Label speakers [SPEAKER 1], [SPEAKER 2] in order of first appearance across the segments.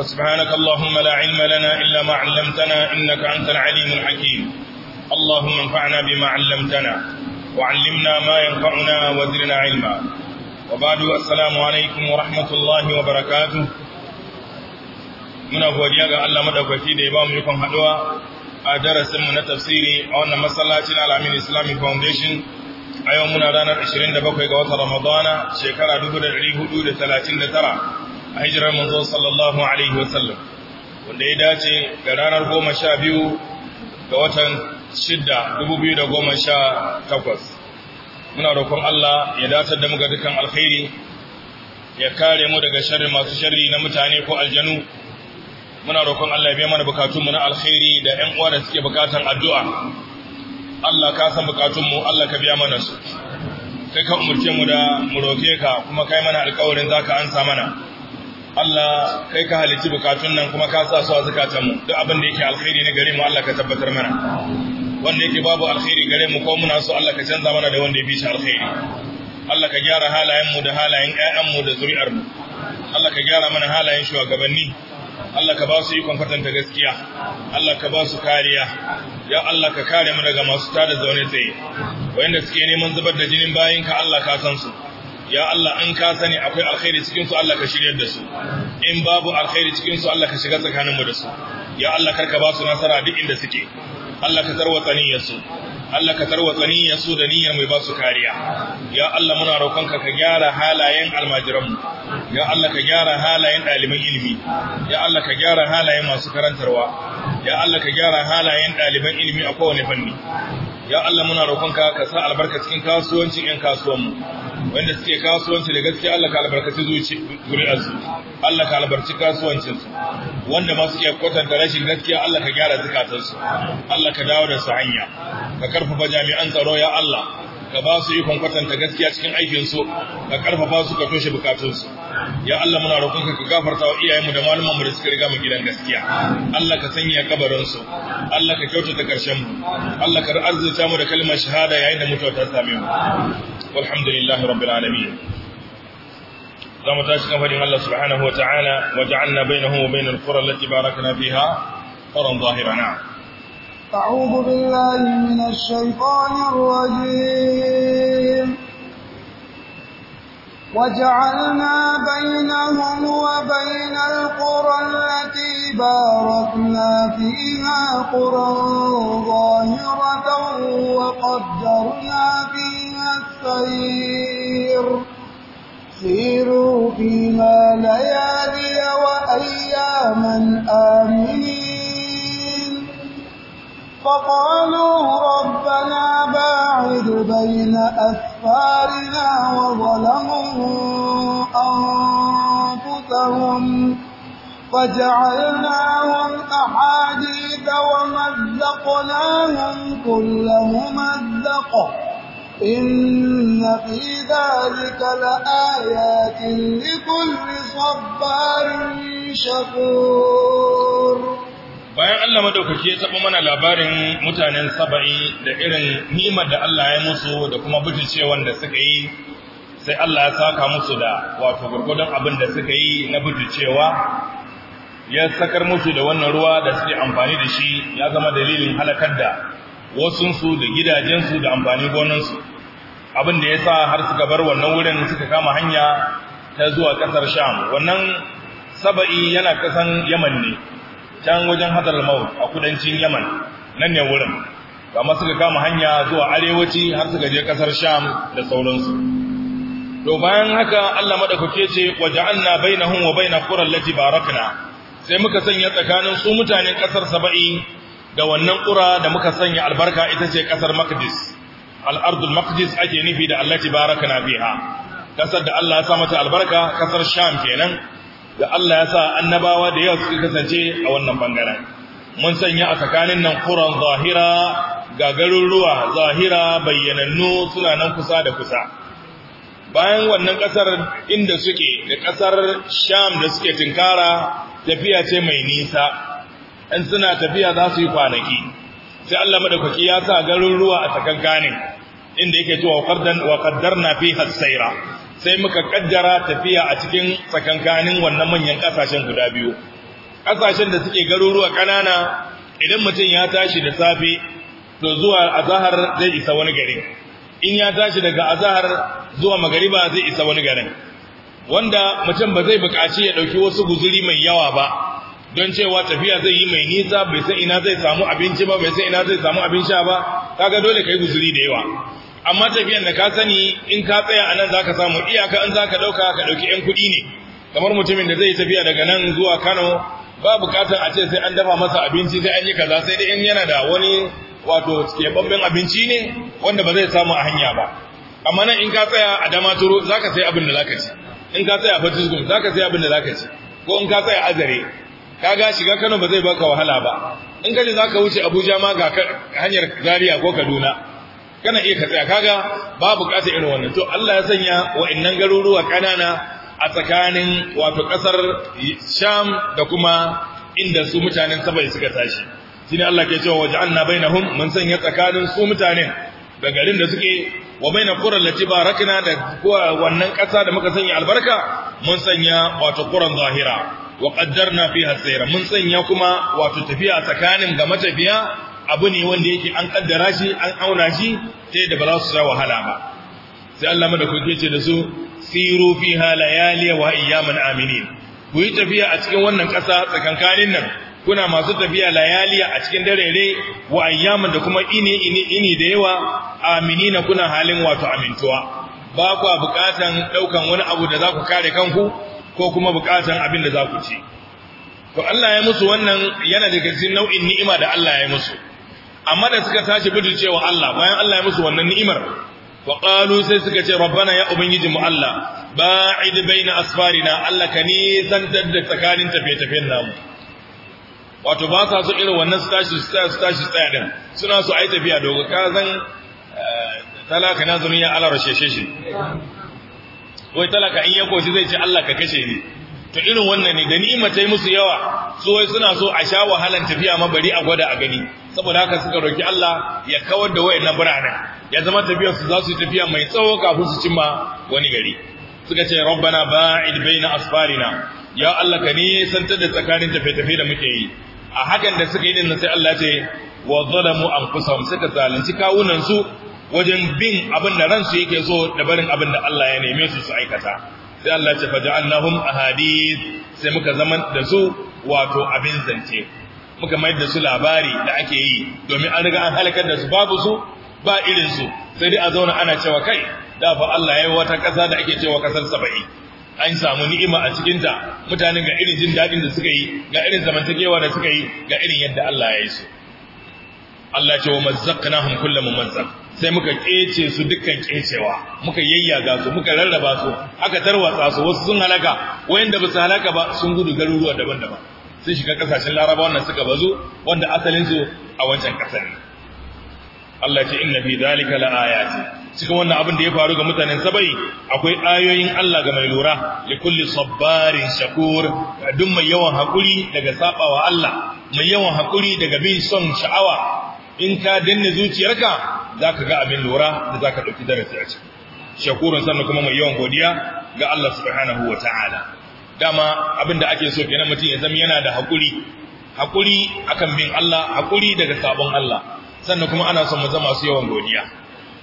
[SPEAKER 1] فسبحانك اللهم لا علم لنا إلا ما علمتنا إنك أنت العليم الحكيم اللهم انفعنا بما علمتنا وعلمنا ما ينفعنا وزرنا علما وبعد السلام عليكم ورحمة الله وبركاته muna godiya ga Allah madaukaki da ya ba mu yukon haduwa a darasin mu na tafsiri a wannan masallacin al Islamic Foundation a yau muna ranar 27 ga watan Ramadana shekara 1439 a hijirar manzo sallallahu alaihi wasallam wanda ya dace da ranar goma sha biyu ga watan shidda dubu biyu da goma sha takwas muna roƙon Allah ya datar da muka dukan alkhairi ya kare mu daga sharri masu sharri na mutane ko aljanu muna roƙon Allah ya biya mana bukatunmu na alkhairi da 'yan uwa da suke bukatan addu'a Allah ka san bukatunmu Allah ka biya mana su kai ka umarce mu da mu roke ka kuma kai mana alƙawarin ka ansa mana Allah kai ka halici bukatun nan kuma ka sa su a mu. duk abin da yake alkhairi ne gare mu Allah ka tabbatar mana wanda yake babu alkhairi gare mu ko muna so Allah ka canza mana da wanda ya fi shi alkhairi Allah ka gyara halayen mu da halayen ƴaƴan mu da zuri'ar mu. Allah ka gyara mana halayen shugabanni Allah ka ba su ikon kwatanta gaskiya Allah ka ba su kariya ya Allah ka kare mu daga masu tada zaune tsaye wayanda suke neman zubar da jinin bayinka Allah ka san su ya Allah an ka sani akwai alkhairi cikin su Allah ka shiryar da su in babu alkhairi cikin su Allah ka shiga tsakanin mu da su ya Allah karka ba su nasara duk inda suke Allah ka tarwatsa niyyar su Allah ka tarwatsa niyyar su da niyyar mai ba su kariya ya Allah muna roƙon ka gyara halayen almajiran mu ya Allah ka gyara halayen ɗaliban ilimi ya Allah ka gyara halayen masu karantarwa ya Allah ka gyara halayen ɗaliban ilimi a kowane fanni ya Allah muna roƙonka ka sa albarka cikin kasuwancin ƴan kasuwanmu wanda suke kasuwanci da gaskiya Allah ka albarkaci zuci zuri'arsu Allah ka albarci kasuwancinsu wanda ma suke kwatanta rashin gaskiya Allah ka gyara zukatansu Allah ka dawo da su hanya ka karfafa jami'an tsaro ya Allah ka ba su ikon kwatanta gaskiya cikin aikinsu ka karfafa su ka toshe bukatunsu ya Allah muna roƙonka ka gafarta wa iyayenmu da malaman mu da suka riga mu gidan gaskiya Allah ka sanya kabarin su Allah ka kyautata karshen mu Allah ka arzuta mu da kalmar shahada yayin da mutuwa ta same mu walhamdulillahi rabbil alamin za mu tashi kan fadin Allah subhanahu wa ta'ala wa ja'alna bainahu wa bainal qura allati barakna fiha qaran zahirana
[SPEAKER 2] أعوذ بالله من الشيطان الرجيم وجعلنا بينهم وبين القرى التي باركنا فيها قرى ظاهرة وقدرنا فيها السير سيروا فيها ليالي وأياما آمنين بين أسفارنا وظلموا أنفسهم فجعلناهم أحاديث ومزقناهم كل ممزق إن في ذلك لآيات لكل صبار شكور
[SPEAKER 1] bayan Allah madaukaki ya taba mana labarin mutanen saba'i da irin nimar da Allah ya musu da kuma butulcewan wanda suka yi sai Allah ya saka musu da wato gurgudun abin da suka yi na butulcewa ya sakar musu da wannan ruwa da suke amfani da shi ya zama dalilin halakar da wasunsu da gidajensu da amfani gonansu abin da ya sa har suka bar wannan wurin suka kama hanya ta zuwa kasar sham wannan saba'i yana kasan yaman ne can wajen hadar maut a kudancin yaman nan ne wurin amma suka kama hanya zuwa arewaci har suka je kasar sham da sauransu to bayan haka Allah madaukake ce waja'alna bainahum wa bainal qura allati barakna sai muka sanya tsakanin su mutanen kasar saba'i da wannan qura da muka sanya albarka ita ce kasar maqdis al-ardul maqdis ake nufi da allati barakna fiha kasar da Allah ya sa mata albarka kasar sham kenan da Allah ya sa annabawa da yawa suka kasance a wannan bangaren mun sanya a tsakanin nan quran zahira ga garuruwa zahira bayyanannu suna nan kusa da kusa bayan wannan kasar inda suke da kasar sham da suke tinkara tafiya ce mai nisa in suna tafiya za su yi kwanaki sai Allah madaukaki ya sa garuruwa a tsakankanin inda yake cewa wa qaddarna fiha sayra sai muka kaddara tafiya a cikin tsakankanin wannan manyan kasashen guda biyu Ƙasashen da suke garuruwa ƙanana idan mutum ya tashi da safe to zuwa azahar zai isa wani garin in ya tashi daga azahar zuwa magariba zai isa wani garin wanda mutum ba zai buƙaci ya ɗauki wasu guzuri mai yawa ba don cewa tafiya zai yi mai nisa bai san ina zai samu abinci ba bai san ina zai samu abin sha ba kaga dole kai guzuri da yawa amma tafiyan da ka sani in ka tsaya a nan za ka samu iyaka in za ka ɗauka ka ɗauki 'yan kuɗi ne kamar mutumin da zai tafiya daga nan zuwa kano ba bukatar a ce sai an dafa masa abinci sai an yi kaza sai dai in yana da wani wato keɓaɓɓen abinci ne wanda ba zai samu a hanya ba amma nan in ka tsaya a damaturu za ka sai abin da za ka ci in ka tsaya a fatiskum za ka sai abin da za ka ci ko in ka tsaya a azare ka ga shiga kano ba zai baka wahala ba in ka ji za ka wuce abuja ma ga hanyar zaria ko kaduna kana iya ka tsaya kaga babu bukatar irin wannan to Allah ya sanya wa'annan garuruwa kanana a tsakanin wato kasar Sham da kuma inda su mutanen Sabai suka tashi shine Allah ke cewa waj'alna bainahum mun sanya tsakanin su mutanen da garin da suke wa bainal qura lati barakna da wannan kasa da muka sanya albarka mun sanya wato quran zahira wa qaddarna fiha sayra mun sanya kuma wato tafiya tsakanin ga matafiya abu ne wanda yake an kaddara shi an auna shi sai da ba za su sha wahala ba sai Allah ku ce da su siru fiha layali wa ayyaman aminin ku yi tafiya a cikin wannan kasa tsakankanin nan kuna masu tafiya layali a cikin darere wa ayyaman da kuma ini ini ini da yawa aminin kuna halin wato amintuwa ba ku buƙatan ɗaukan wani abu da za ku kare kanku ko kuma buƙatan abin da za ku ci to Allah ya musu wannan yana daga cikin nau'in ni'ima da Allah ya musu amma da suka tashi cewa Allah bayan Allah ya musu wannan ni'imar wa sai suka ce rabbana ya ubangijinmu Allah ba'id baina asfarina Allah ka nisan da tsakanin tafiye-tafiyen namu wato ba sa so irin wannan su tashi su tashi tsaya din suna so ai tafiya dogo ka san eh, talaka na zuriya Allah rasheshe shi wai talaka in ya shi zai ce Allah ka kashe ni to irin wannan ne da ni'ima ta yi musu yawa su wai suna so a sha wahalan tafiya ma bari a gwada a gani saboda haka suka roki Allah ya kawar da wayannan biranen ya zama tafiyar su za su tafiya mai tsawo kafin su cimma wani gari suka ce rabbana ba'id baina asfarina ya Allah ka nisantar da tsakanin tafe-tafe da muke yi a hakan da suka yi din sai Allah ce wa zalamu anfusahum suka zalunci kawunan su wajen bin abin da ransu yake so da barin abin da Allah ya neme su su aikata sai Allah ce a ahadith sai muka zaman da su wato abin zance muka mai da su labari da ake yi domin an riga an halakar da su babu su ba irin su sai dai a zauna ana cewa kai da fa Allah yayi wata kasa da ake cewa kasar 70 an samu ni'ima a cikin ta mutanen ga irin jin daɗin da suka yi ga irin zamantakewa da suka yi ga irin yadda Allah ya yi su Allah ce wa mazzaqnahum mu mazzaq sai muka kece su dukkan kecewa muka yayyaga su muka rarraba su aka tarwatsa su wasu sun halaka wayanda ba su halaka ba sun gudu garuruwa daban-daban sun shiga kasashen Laraba wannan suka bazu wanda asalin su a wancan kasar Allah ce inna fi dhalika laayati cikin wannan abin da ya faru ga mutanen Sabai akwai ayoyin Allah ga mai lura li kulli sabbarin shakur duk mai yawan hakuri daga sabawa Allah mai yawan hakuri daga bin son sha'awa in ka danne zuciyarka za ka ga abin lura da za ka ɗauki darasi a ciki shakurun sannan kuma mai yawan godiya ga Allah subhanahu wa ta'ala dama abin da ake so kenan mutum ya zama yana da haƙuri haƙuri akan bin Allah haƙuri daga sabon Allah sannan kuma ana son mu zama su yawan godiya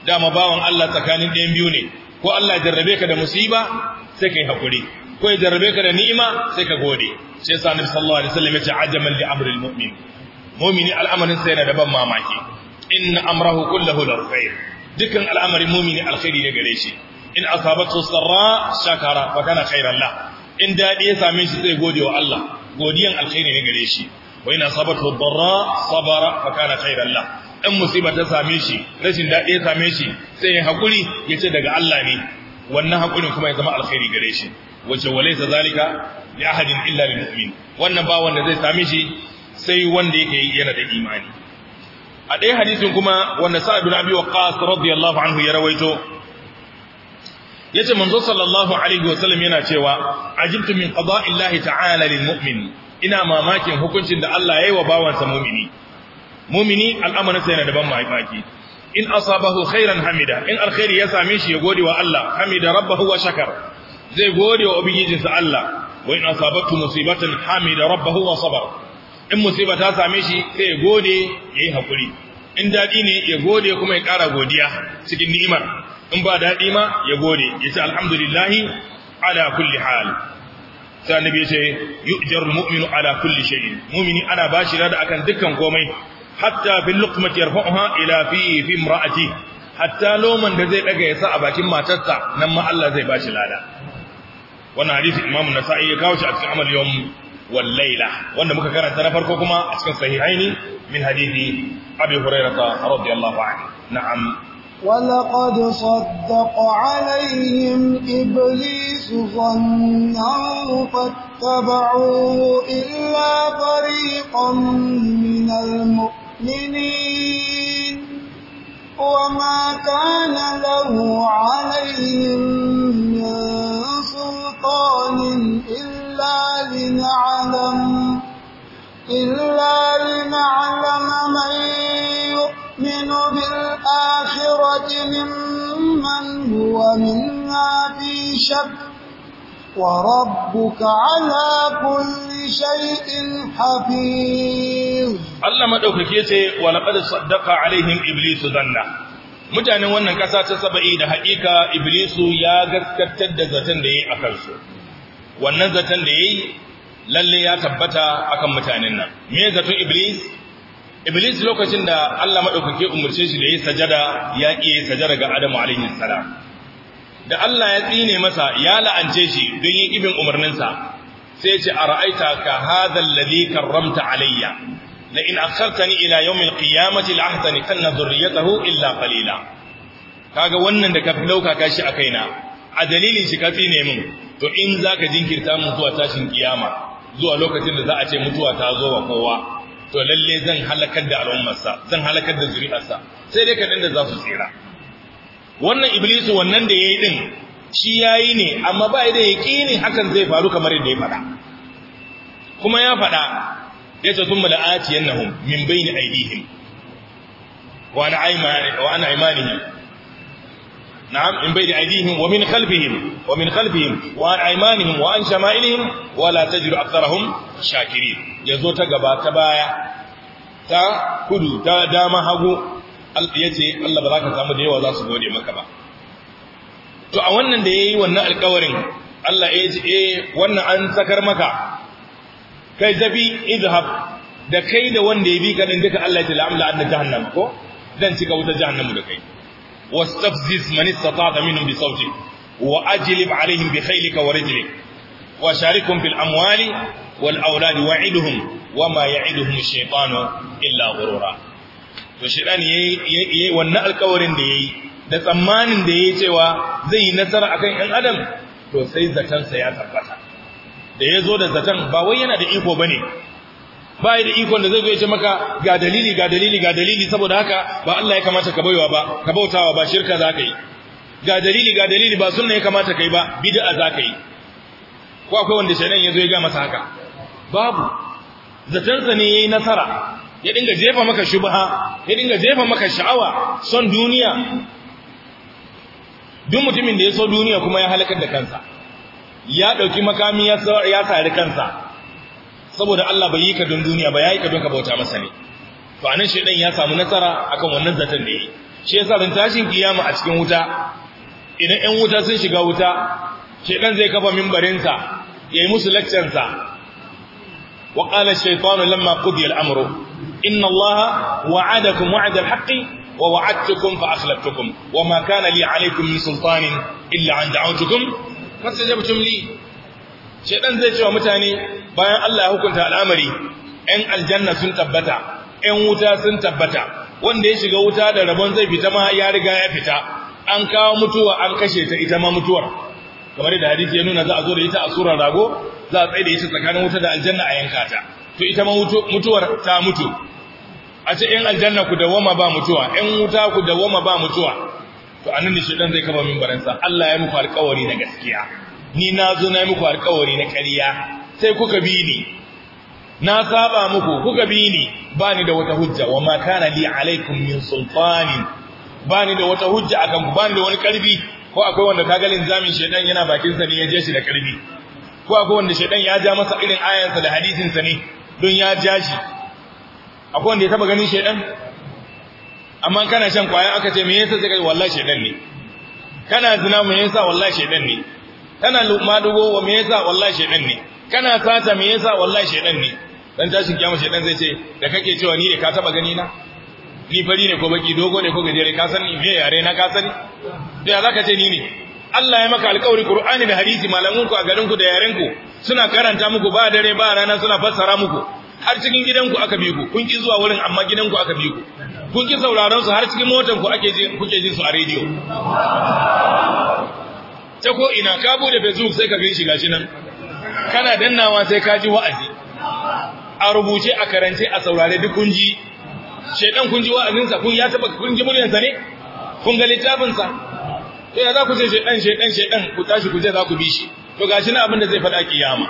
[SPEAKER 1] dama bawan Allah tsakanin ɗayan biyu ne ko Allah jarrabe ka da musiba sai yi haƙuri ko ya jarrabe ka da ni'ima sai ka gode sai yasa sallallahu alaihi wasallam ya ce ajaman li amril mu'min mumini al'amarin sa yana da ban mamaki in amrahu kullahu lahu khair dukkan al'amarin mumini alkhairi ne gare shi in asabatu sarra shakara fa kana khairan la in dadi ya same shi sai gode wa Allah godiyan alkhairi ne gare shi wa in asabatu darra sabara fa kana khairan la in musiba ta same shi rashin dadi ya same shi sai ya hakuri ce daga Allah ne wannan hakurin kuma ya zama alkhairi gare shi wace walaysa zalika
[SPEAKER 3] li ahadin illa lil
[SPEAKER 1] mu'min wannan ba wanda zai same shi sai wanda yake yana da imani a ɗaya hadisin kuma wanda sa'ad bin abi waqqas radiyallahu anhu ya rawaito yace manzo sallallahu alaihi wasallam yana cewa ajibtu min qada'illahi ta'ala lil mu'min ina mamakin hukuncin da Allah yayi wa bawansa mu'mini mu'mini al'amarin sa yana da ban mamaki in asabahu khairan hamida in alkhairi ya same shi ya gode wa Allah hamida rabbahu wa shakar zai gode wa ubangijinsa Allah wa in asabatu musibatan hamida rabbahu wa sabar in musiba ta same shi sai ya gode ya yi haƙuri in daɗi ne ya gode kuma ya ƙara godiya cikin ni'imar in ba daɗi ma ya gode ya ce alhamdulillahi ala kulli hal sai annabi ce yu'jar ala kulli shay'in mu'mini ana bashi rada akan dukkan komai hatta bil luqmati yarfa'uha ila fi fi imra'ati hatta loman da zai daga yasa a bakin matarsa nan ma Allah zai bashi lada wannan hadisi imamu nasa'i ya kawo shi a cikin amal yawm wal laila wanda muka karanta na farko kuma a cikin sahihaini min hadithi abi hurairah na'am
[SPEAKER 2] ولقد صدق عليهم إبليس ظنه فاتبعوه إلا فريقا من المؤمنين وما كان له عليهم سلطان إلا لنعلم إلا لنعلم من يؤمن بالآخرة ممن هو منها في شك وربك على كل شيء حفيظ
[SPEAKER 1] الله مدوكك يتي ولقد صدق عليهم إبليس ظنه mutanen wannan ƙasa ta saba'i da haƙiƙa iblisu ya gaskatar da zaton da ya yi a kansu wannan zaton da ya yi lalle ya tabbata akan mutanen nan me zaton iblis iblis lokacin da allah maɗaukake umarce shi da ya yi sajada ya ƙi ya sajada ga adamu alaihi salam da allah ya tsine masa ya la'ance shi don yin ibin umarninsa sai ce a ra'aita ka hadha alladhi karramta alayya la in akhartani ila yawmil qiyamati la ahtani kanna dhurriyatahu illa qalila kaga wannan da ka dauka kashi a kaina a dalilin shi ka tsine min to in zaka jinkirta mun zuwa tashin kiyama zuwa lokacin da za a ce mutuwa ta zo wa kowa to lalle zan halakar da al'ummarsa zan halakar da zuri'arsa sai dai kadan da za su tsira wannan iblisu wannan da yayi din shi yayi ne amma ba da yaqini hakan zai faru kamar yadda ya faɗa kuma ya faɗa yace thumma la'atiyannahum min bayni aydihim wa ni aymanihim wa an aymanihim na'am min ni aydihim wa min khalfihim wa min khalfihim wa an aymanihim wa an shama'ilihim wa la tajidu aktharahum shakirin zo ta gaba ta baya ta kudu ta dama hagu Ya ce Allah ba za ka samu da yawa za su gode maka ba to a wannan da ya yi wannan alƙawarin Allah ya ce eh wannan an sakar maka kai zabi izhab da kai da wanda ya bi ka din duka Allah ya la'amla anna jahannam ko dan cika wuta mu da kai wastafziz man istata'a minhum bi sawti wa ajlib alaihim bi khaylika wa rijlik wa sharikum fil amwali wal awladi wa'iduhum wa ma ya'iduhum ash-shaytanu illa ghurura to shaytan yayi wannan alƙawarin da yayi da tsammanin da yayi cewa zai yi nasara akan ɗan adam to sai zatansa ya tabbata da ya zo da zaton ba wai yana da iko ba ne ba da ikon da zai zo ya ce maka ga dalili ga dalili ga dalili saboda haka ba Allah ya kamata ka baiwa ba ka bautawa ba shirka za ka yi ga dalili ga dalili ba sunna ya kamata ka yi ba bid'a za ka yi ko akwai wanda shaidan ya zo ya ga masa haka babu sa ne yayi nasara ya dinga jefa maka shubha ya dinga jefa maka sha'awa son duniya duk mutumin da ya so duniya kuma ya halakar da kansa ya ɗauki makami ya ya kansa saboda Allah bai yi ka don duniya ba yayi ka don ka bauta masa ne to anan shedan ya samu nasara akan wannan zaton da yi shi yasa ran tashin kiyama a cikin wuta idan ƴan wuta sun shiga wuta shedan zai kafa mimbarinsa yayi musu lecture sa wa qala ash-shaytanu lamma qudiya al-amru inna allaha wa'adakum wa'da al-haqqi ووعدتكم فأخلفتكم وما كان لي عليكم من سلطان illa أن دعوتكم fastajabtum li shedan zai cewa mutane bayan Allah ya hukunta al'amari ɗan aljanna sun tabbata ɗan wuta sun tabbata wanda ya shiga wuta da rabon zai fita ma ya riga ya fita an kawo mutuwa an kashe ta ita ma mutuwar kamar da hadisi ya nuna za a zo da ita a surar rago za a tsaye da ita tsakanin wuta da aljanna a yanka ta to ita ma mutuwar ta mutu a ce ‘yan aljanna ku dawoma ba mutuwa ‘yan wuta ku dawoma ba mutuwa to annan ne shedan zai kafa min baransa Allah ya muku alƙawari na gaskiya ni na zo na yi muku alƙawari na ƙarya sai kuka bi ni na saba muku kuka bi ni ba ni da wata hujja wa ma kana li alaikum min sultani ba ni da wata hujja akan ku ba ni da wani karfi ko akwai wanda kagalin zamin shedan yana bakin sa ne ya je shi da karfi ko akwai wanda shedan ya ja masa irin ayansa da hadisin sa ne don ya ja shi akwai wanda ya taba ganin shedan amma kana shan kwaya aka ce me yasa sai kai wallahi shedan ne kana zina me yasa wallahi shedan ne kana dugo wa me yasa wallahi shedan ne kana sata me yasa wallahi shedan ne dan tashin kiyama shedan zai ce da kake cewa ni ne ka taba gani na ni fari ne ko baki dogo ne ko gajere ka san ni me yare na ka sani to ya zaka ce ni ne Allah ya maka alƙawari Qur'ani da hadisi malamunku a garinku da yarenku suna karanta muku ba dare ba rana suna fassara muku har cikin gidanku aka bi ku kun ki zuwa wurin amma gidanku aka bi ku kun ki sauraron su har cikin motan ku ake kuke jin su a rediyo ta ko ina ka bude facebook sai ka gan shi gashi nan kana dannawa sai ka ji wa'azi a rubuce a karance a saurare duk kun ji shedan kun ji wa'azinsa kun ya taba kun ji sa ne kun ga littafinsa to ya za ku ce shedan shedan shedan ku tashi ku je za ku bi shi to gashi na abin da zai faɗa kiyama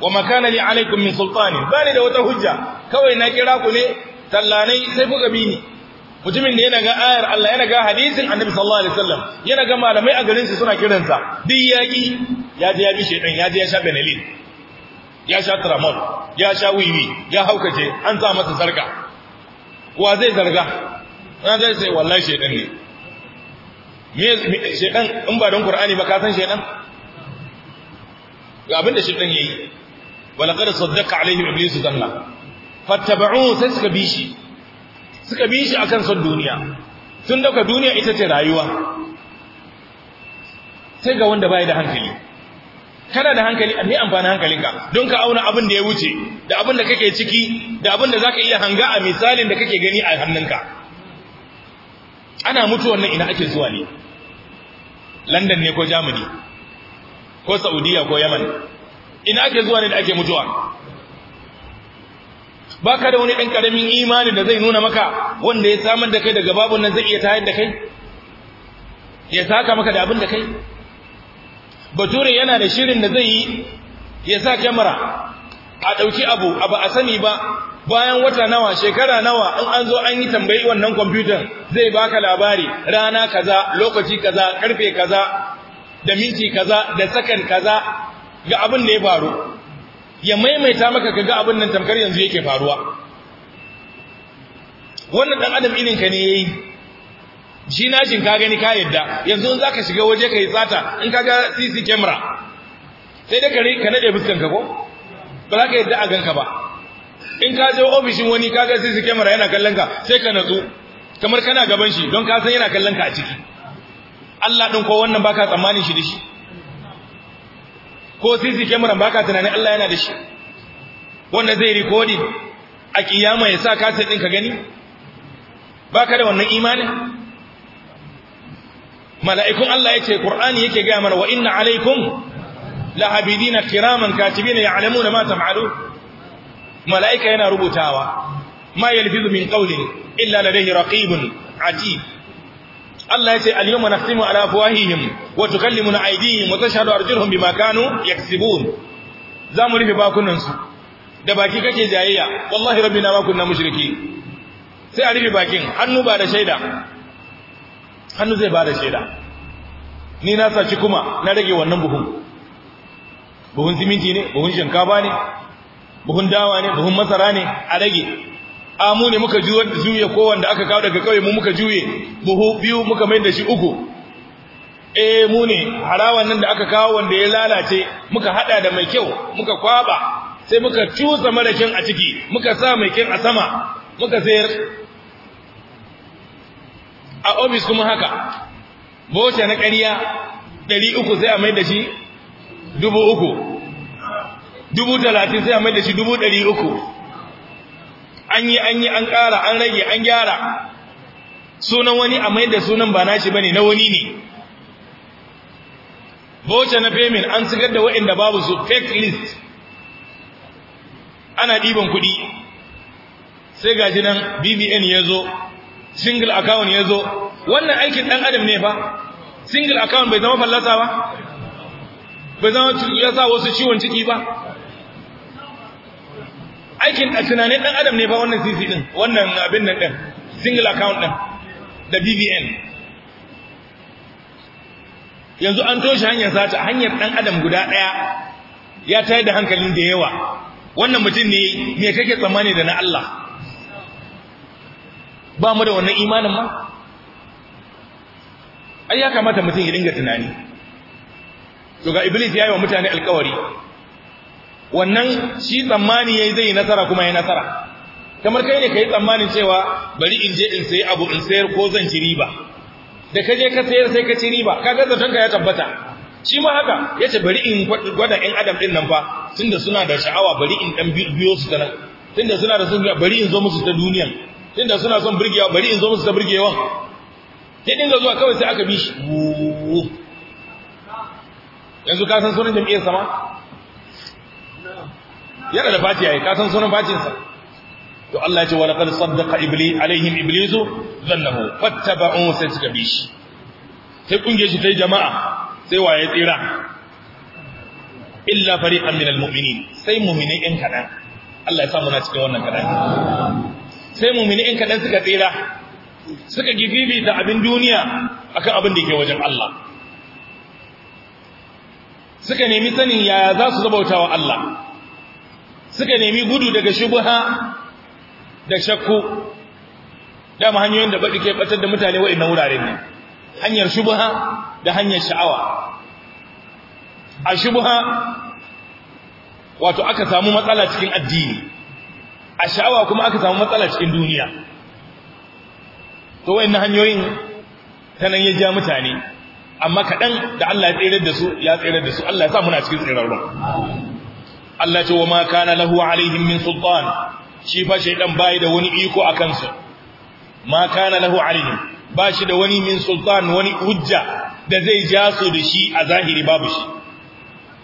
[SPEAKER 1] wa makana li alaikum min sultani bani da wata hujja kawai na kira ku ne tallanai sai kuka bi ni mutumin da yana ga ayar Allah yana ga hadisin annabi sallallahu alaihi wasallam yana ga malamai a garin su suna kiransa duk yaki ya je ya bi shedan ya je ya sha benelin ya sha tramol ya sha wiwi ya haukace an sa masa sarka wa zai zarga na zai sai wallahi shedan ne me shedan in ba don qur'ani ba ka san shedan ga abinda shedan yayi wa laqad saddaqa alaihi iblis zanna fattaba'u sai suka bi shi suka bi shi akan son duniya Tun dauka duniya ita ce rayuwa sai ga wanda bai da hankali kana da hankali me amfani hankalinka don ka auna abin da ya wuce da abin da kake ciki da abin da zaka iya hanga a misalin da kake gani a hannunka ana mutuwan nan ina ake zuwa ne London ne ko Germany ko Saudiya ko Yemen ina ake zuwa ne da ake mutuwa baka da wani ɗan ƙaramin imani da zai nuna maka wanda ya samar da kai daga babun nan zai iya tayar da kai ya saka maka da abin da kai bature yana da shirin da zai yi ya sa kyamara a ɗauki abu ba a sani ba bayan wata nawa shekara nawa in an zo an yi tambayi wannan kwamfutan zai baka labari rana kaza lokaci kaza karfe kaza da minti kaza da sakan kaza ga abin da ya faru ya maimaita maka kaga abin nan tamkar yanzu yake faruwa wannan dan adam irin ka ne yayi shi nashin ka gani ka yadda yanzu in zaka shiga waje kai tsata in kaga CC camera sai da kare ka nade fuskan ka ko ba za ka yadda a ganka ba in ka je ofishin wani kaga CC camera yana kallon ka sai ka natsu kamar kana gaban shi don ka san yana kallon ka a ciki Allah din ko wannan baka tsammanin shi da shi ko sisi camera baka tunanin Allah yana da shi wanda zai rikodi a kiyama ya sa kaset din ka gani baka da wannan imanin mala'ikun Allah ya ce ƙur'ani yake ga mana wa inna alaikum lahabidina kiraman katibina na ma taf'alun mala'ika yana rubutawa ma yalfizu min qawlin illa ladayhi raqibun atid Allah ya ce al-yawma mu ala afwahihim wa tukallimuna aydihim wa tashhadu arjuluhum bima kanu yaksibu. zamu rufe bakunan da baki kake jayayya wallahi rabbina ma kunna mushriki sai a rufe bakin hannu ba da shaida hannu zai ba da shaida ni na saci kuma na rage wannan buhun buhun siminti ne buhun shinkafa ne buhun dawa ne buhun masara ne a rage amu ne muka juye ko wanda aka kawo daga kawai mu muka juye buhu biyu muka mai da shi uku eh mu ne harawan nan da aka kawo wanda ya lalace muka hada da mai kyau muka kwaba sai muka cusa mara a ciki muka sa mai kyan a sama muka sayar a ofis kuma haka boce na ɗari 300 sai a mai da shi 3,000 dubu talatin sai a mai da shi dubu ɗari uku an yi an yi an ƙara an rage an gyara sunan wani a mai da sunan ba nashi bane na wani ne voucher na payment an sigar da waɗanda babu su fake list ana ɗiban kuɗi sai gaji nan bbn ya zo single account ya zo wannan aikin ɗan adam ne fa single account bai zama fallasa ba bai zama ya sa wasu ciwon ciki ba aikin a tunanin ɗan adam ne ba wannan cc ɗin wannan abin nan ɗin single account ɗin da bbn yanzu an toshe hanyar sata hanyar ɗan adam guda ɗaya ya tayar da hankalin da yawa wannan mutum ne mai kake tsammani da na Allah ba mu da wannan imanin ma ai ya kamata mutum ya dinga tunani to ga iblis ya yi wa mutane alkawari wannan shi tsammani yayi zai nasara kuma yayi nasara kamar kai ne kai tsammanin cewa bari in je in sayi abu in sayar ko zan ci riba da kaje ka sayar sai ka ci riba kaga zaton ka ya tabbata shi ma haka yace bari in gwada ɗan adam din nan fa tunda suna da sha'awa bari in dan biyo su ta tunda suna da sun bari in zo musu ta duniyan tunda suna son burgewa bari in zo musu ta burgewa sai dinga zuwa kawai sai aka bi shi yanzu ka san sunan jami'ar sama yana da faci yayi kasan sunan facinsa to Allah ya ce wa laqad saddaqa iblis alaihim iblisu zannahu fattaba'u sai suka bi shi sai kungiyar shi ta jama'a sai waye tsira illa fariqan min almu'minin sai mu'mini in kadan Allah ya sa mu na cikin wannan kadan sai mu'mini in kadan suka tsira suka gififi da abin duniya akan abin da ke wajen Allah suka nemi sanin yaya za su zabautawa Allah suka nemi gudu daga shubha da shakku dama hanyoyin da baɗi ke batar da mutane wa'annan wuraren ne hanyar shubha da hanyar sha'awa a shubha wato aka samu matsala cikin addini a sha'awa kuma aka samu matsala cikin duniya to na hanyoyin tanan ya ja mutane amma kaɗan da Allah ya tsere da su ya tsere da su Allah ya sa muna cikin
[SPEAKER 3] tsirarru
[SPEAKER 1] Allah ce wa ma kana lahu alaihim min sultan shi fa shaydan bai da wani iko akan su ma kana lahu alaihim ba shi da wani min sultan wani hujja da zai ja su da shi a zahiri babu shi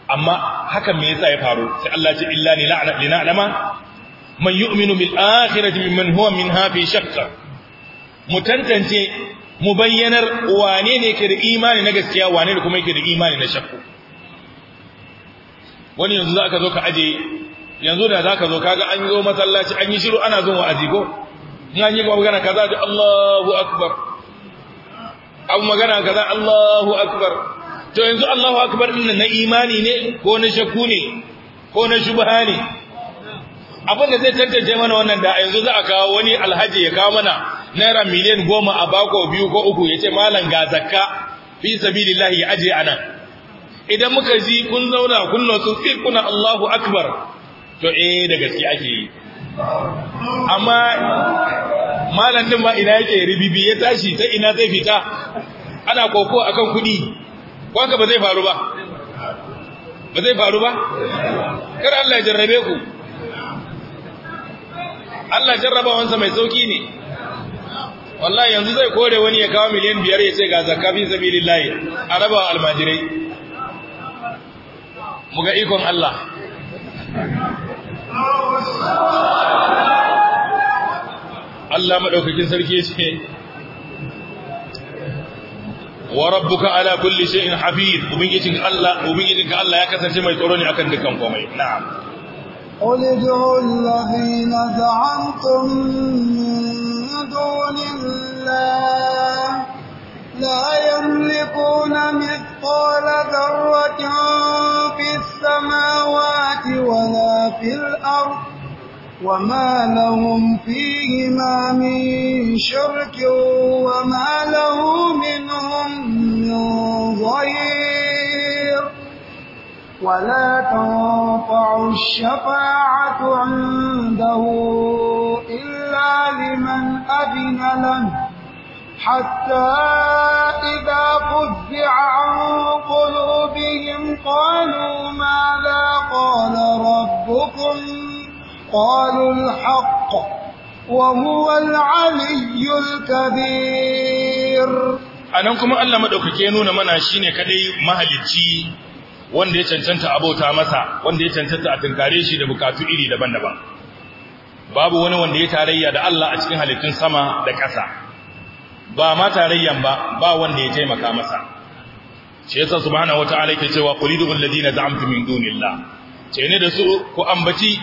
[SPEAKER 1] amma hakan me yasa ya faru sai Allah ce illa ni lina lina'lama man yu'minu bil akhirati mimman huwa min fi shakka mu tantance mu bayyanar wane ne ke da imani na gaskiya wane ne kuma yake da imani na shakku wani yanzu za ka zo ka aje yanzu da za ka zo kaga an zo masallaci an yi shiru ana zuwa wa'azi ko in an yi magana kaza da Allahu akbar abu magana kaza Allahu akbar to yanzu Allahu akbar din na imani ne ko na shakku ne ko na shubha ne abin da zai tantance mana wannan da yanzu za a kawo wani alhaji ya kawo mana naira miliyan goma a bako biyu ko uku ya ce malam ga zakka fi sabilillahi ya aje anan idan muka ji kun zauna kun nutsu fi kuna Allahu akbar to eh da gaske ake yi amma malam din ma ina yake ribibi ya tashi ta ina zai fita ana koko akan kudi wanka ba zai faru ba ba zai faru ba kar Allah ya jarrabe ku Allah wansa mai sauki ne wallahi yanzu zai kore wani ya kawo miliyan biyar ya ce ga zakafin sabilillahi a rabawa almajirai muga ikon Allah Allah madaukakin sarki ce wa rabbuka ala kulli shay'in hafiz ubangijin Allah ka Allah ya kasance mai tsaro ne akan dukan komai na'am
[SPEAKER 2] قل ادعوا الذين زعمتم من دون الله لا يملكون مثقال ذرة في السماوات ولا في الأرض وما لهم فيهما من شرك وما له منهم من ظهير ولا تنفع الشفاعة عنده إلا لمن أذن له حتى إذا فزع عن قلوبهم قالوا ماذا قال ربكم قالوا الحق وهو العلي الكبير anan
[SPEAKER 1] kuma Allah madaukake nuna mana shine kadai mahalicci wanda ya cancanta abota masa wanda ya cancanta a tunkare shi da bukatu iri daban-daban babu wani wanda ya tarayya da Allah a cikin halittun sama da ƙasa ba ma tarayyan ba ba wanda ya taimaka masa shi yasa subhanahu wataala yake cewa qulidu alladhina za'amtum min dunillah ce ne da su ku ambaci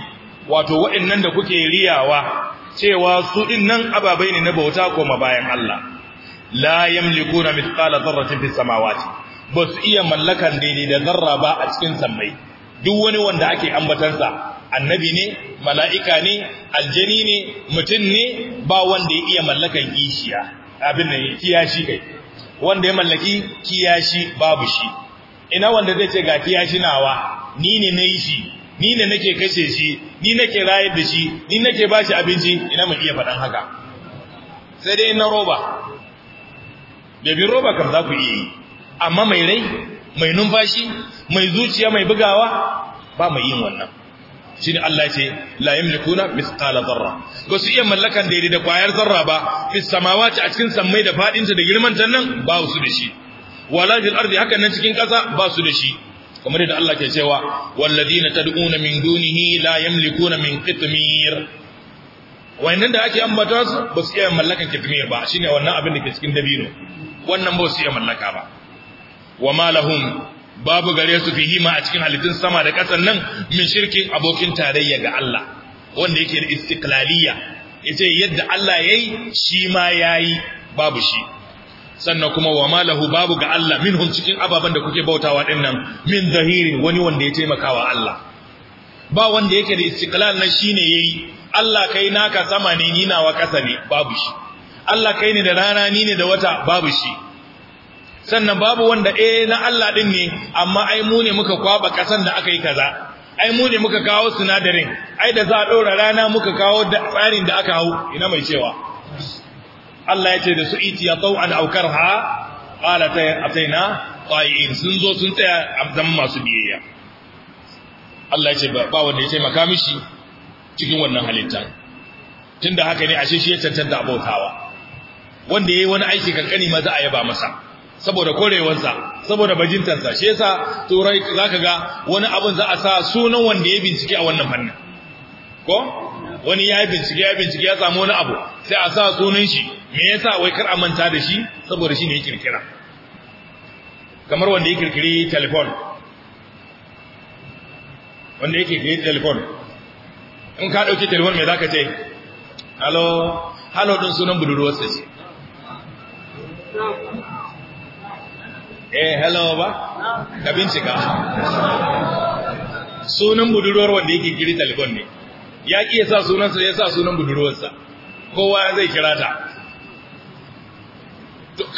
[SPEAKER 1] wato wa'annan da kuke riyawa cewa su din nan ababai ne na bauta ko bayan Allah la yamlikuna mithqala dharratin fis samawati ba su iya mallakan daidai da zarra ba a cikin sammai duk wani wanda ake ambatansa annabi ne mala'ika ne aljani ne mutum ne ba wanda ya iya mallakan kishiya abin nan kiyashi kai wanda ya mallaki kiyashi babu shi ina wanda zai ce ga kiyashi nawa ni ne nayi shi ni ne nake kashe shi ni nake rayar da shi ni nake bashi abinci ina mu iya faɗan haka sai dai na roba bi roba kam za ku iya yi amma mai rai mai numfashi mai zuciya mai bugawa ba mai yin wannan shine Allah ce la yamlikuna mithqala zarra ba su iya mallakan daidai da kwayar zarra ba fis samawati a cikin sammai da faɗinta ta da girman ta nan ba su da shi wala fil ardi haka nan cikin kasa ba su da shi kamar yadda Allah ke cewa walladina tad'una min dunihi la yamlikuna min qitmir wayannan da ake ambata su ba su iya mallakan qitmir ba shine wannan abin da ke cikin dabino wannan ba su iya mallaka ba wa ma lahum babu gare su fi fihima a cikin halittun sama da ƙasar nan min shirkin abokin tarayya ga Allah wanda yake da istiklaliya yace yadda Allah yayi shi ma yayi babu shi sannan kuma wa malahu babu ga Allah minhum cikin ababen da kuke bautawa din nan min zahirin wani wanda ya taimakawa Allah ba wanda yake da istiklal na shine yayi Allah kai naka sama ne ni nawa ƙasa ne babu shi Allah kai ne da rana ni ne da wata babu shi sannan babu wanda eh na Allah din ne amma ai mu ne muka kwaba kasan da aka yi kaza ai mu ne muka kawo sinadarin ai da za a ɗora rana muka kawo tsarin da aka hau ina mai cewa Allah ya ce da su iti ya tau an aukar ha ta ataina ƙwa'i'in sun zo sun tsaya a masu biyayya Allah ya ce ba wanda ya taimaka mishi cikin wannan halittar Tunda haka ne ashe shi ya cancanta abotawa. wanda ya yi wani aiki kankani ma za a yaba masa saboda korewarsa saboda bajintarsa shi yasa turai zaka ga wani abin za a sa sunan wanda ya bincike a wannan fannin ko wani ya bincike ya bincike ya samu wani abu sai a sa sunan shi me yasa wai kar a manta da shi saboda shi ne ya kirkira kamar wanda ya kirkiri telefon, wanda ya kirkiri telefon, in ka dauki telefon me zaka ce halo halo din sunan budurwarsa ce eh hello ba ka bincika sunan budurwar wanda yake kiri talibon ne ya ki ya sa sunansa ya sa sunan budurwarsa kowa zai kira ta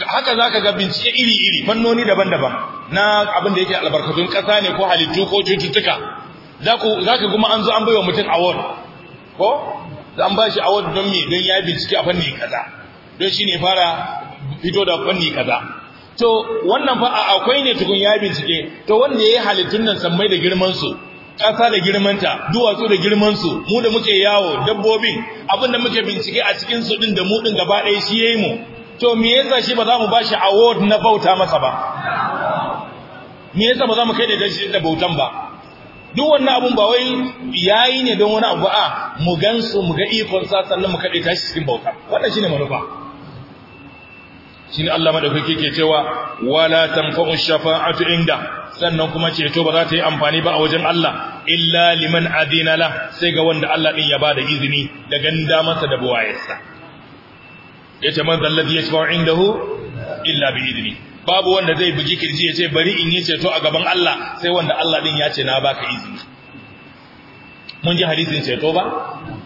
[SPEAKER 1] haka za ka ga bincike iri-iri fannoni daban-daban na abin da yake albarkatun ƙasa ne ko halittu ko cututtuka za ka kuma an zo an bai wa mutum award ko an ba shi award don me don ya bincike a fanni kaza don shi ne fara fito da fanni kaza to wannan fa akwai ne tukun ya bincike to wanda yayi halittun nan mai da girman su ƙasa da girmanta duwatsu da girman su mu da muke yawo dabbobi, abin da muke bincike a cikin su din da mu din gaba ɗaya shi yayi mu to me yasa shi ba za mu bashi award na bauta masa ba me yasa ba za mu kai da shi da bautan ba duk wannan abun ba wai yayi ne don wani abu a mu gan su, mu ga ikon sa sannan mu kaɗe tashi cikin bauta wannan shine manufa shine Allah madaukake ke cewa wala tanfa'u shafa'atu inda sannan kuma ceto ba za ta yi amfani ba a wajen Allah illa liman adina la sai ga wanda Allah din ya bada izini da ganda masa da buwayarsa yace man zalladhi yashfa'u indahu illa bi idni babu wanda zai bugi kirji yace bari in yi ceto a gaban Allah sai wanda Allah din ya ce na baka izini mun ji hadisin ceto ba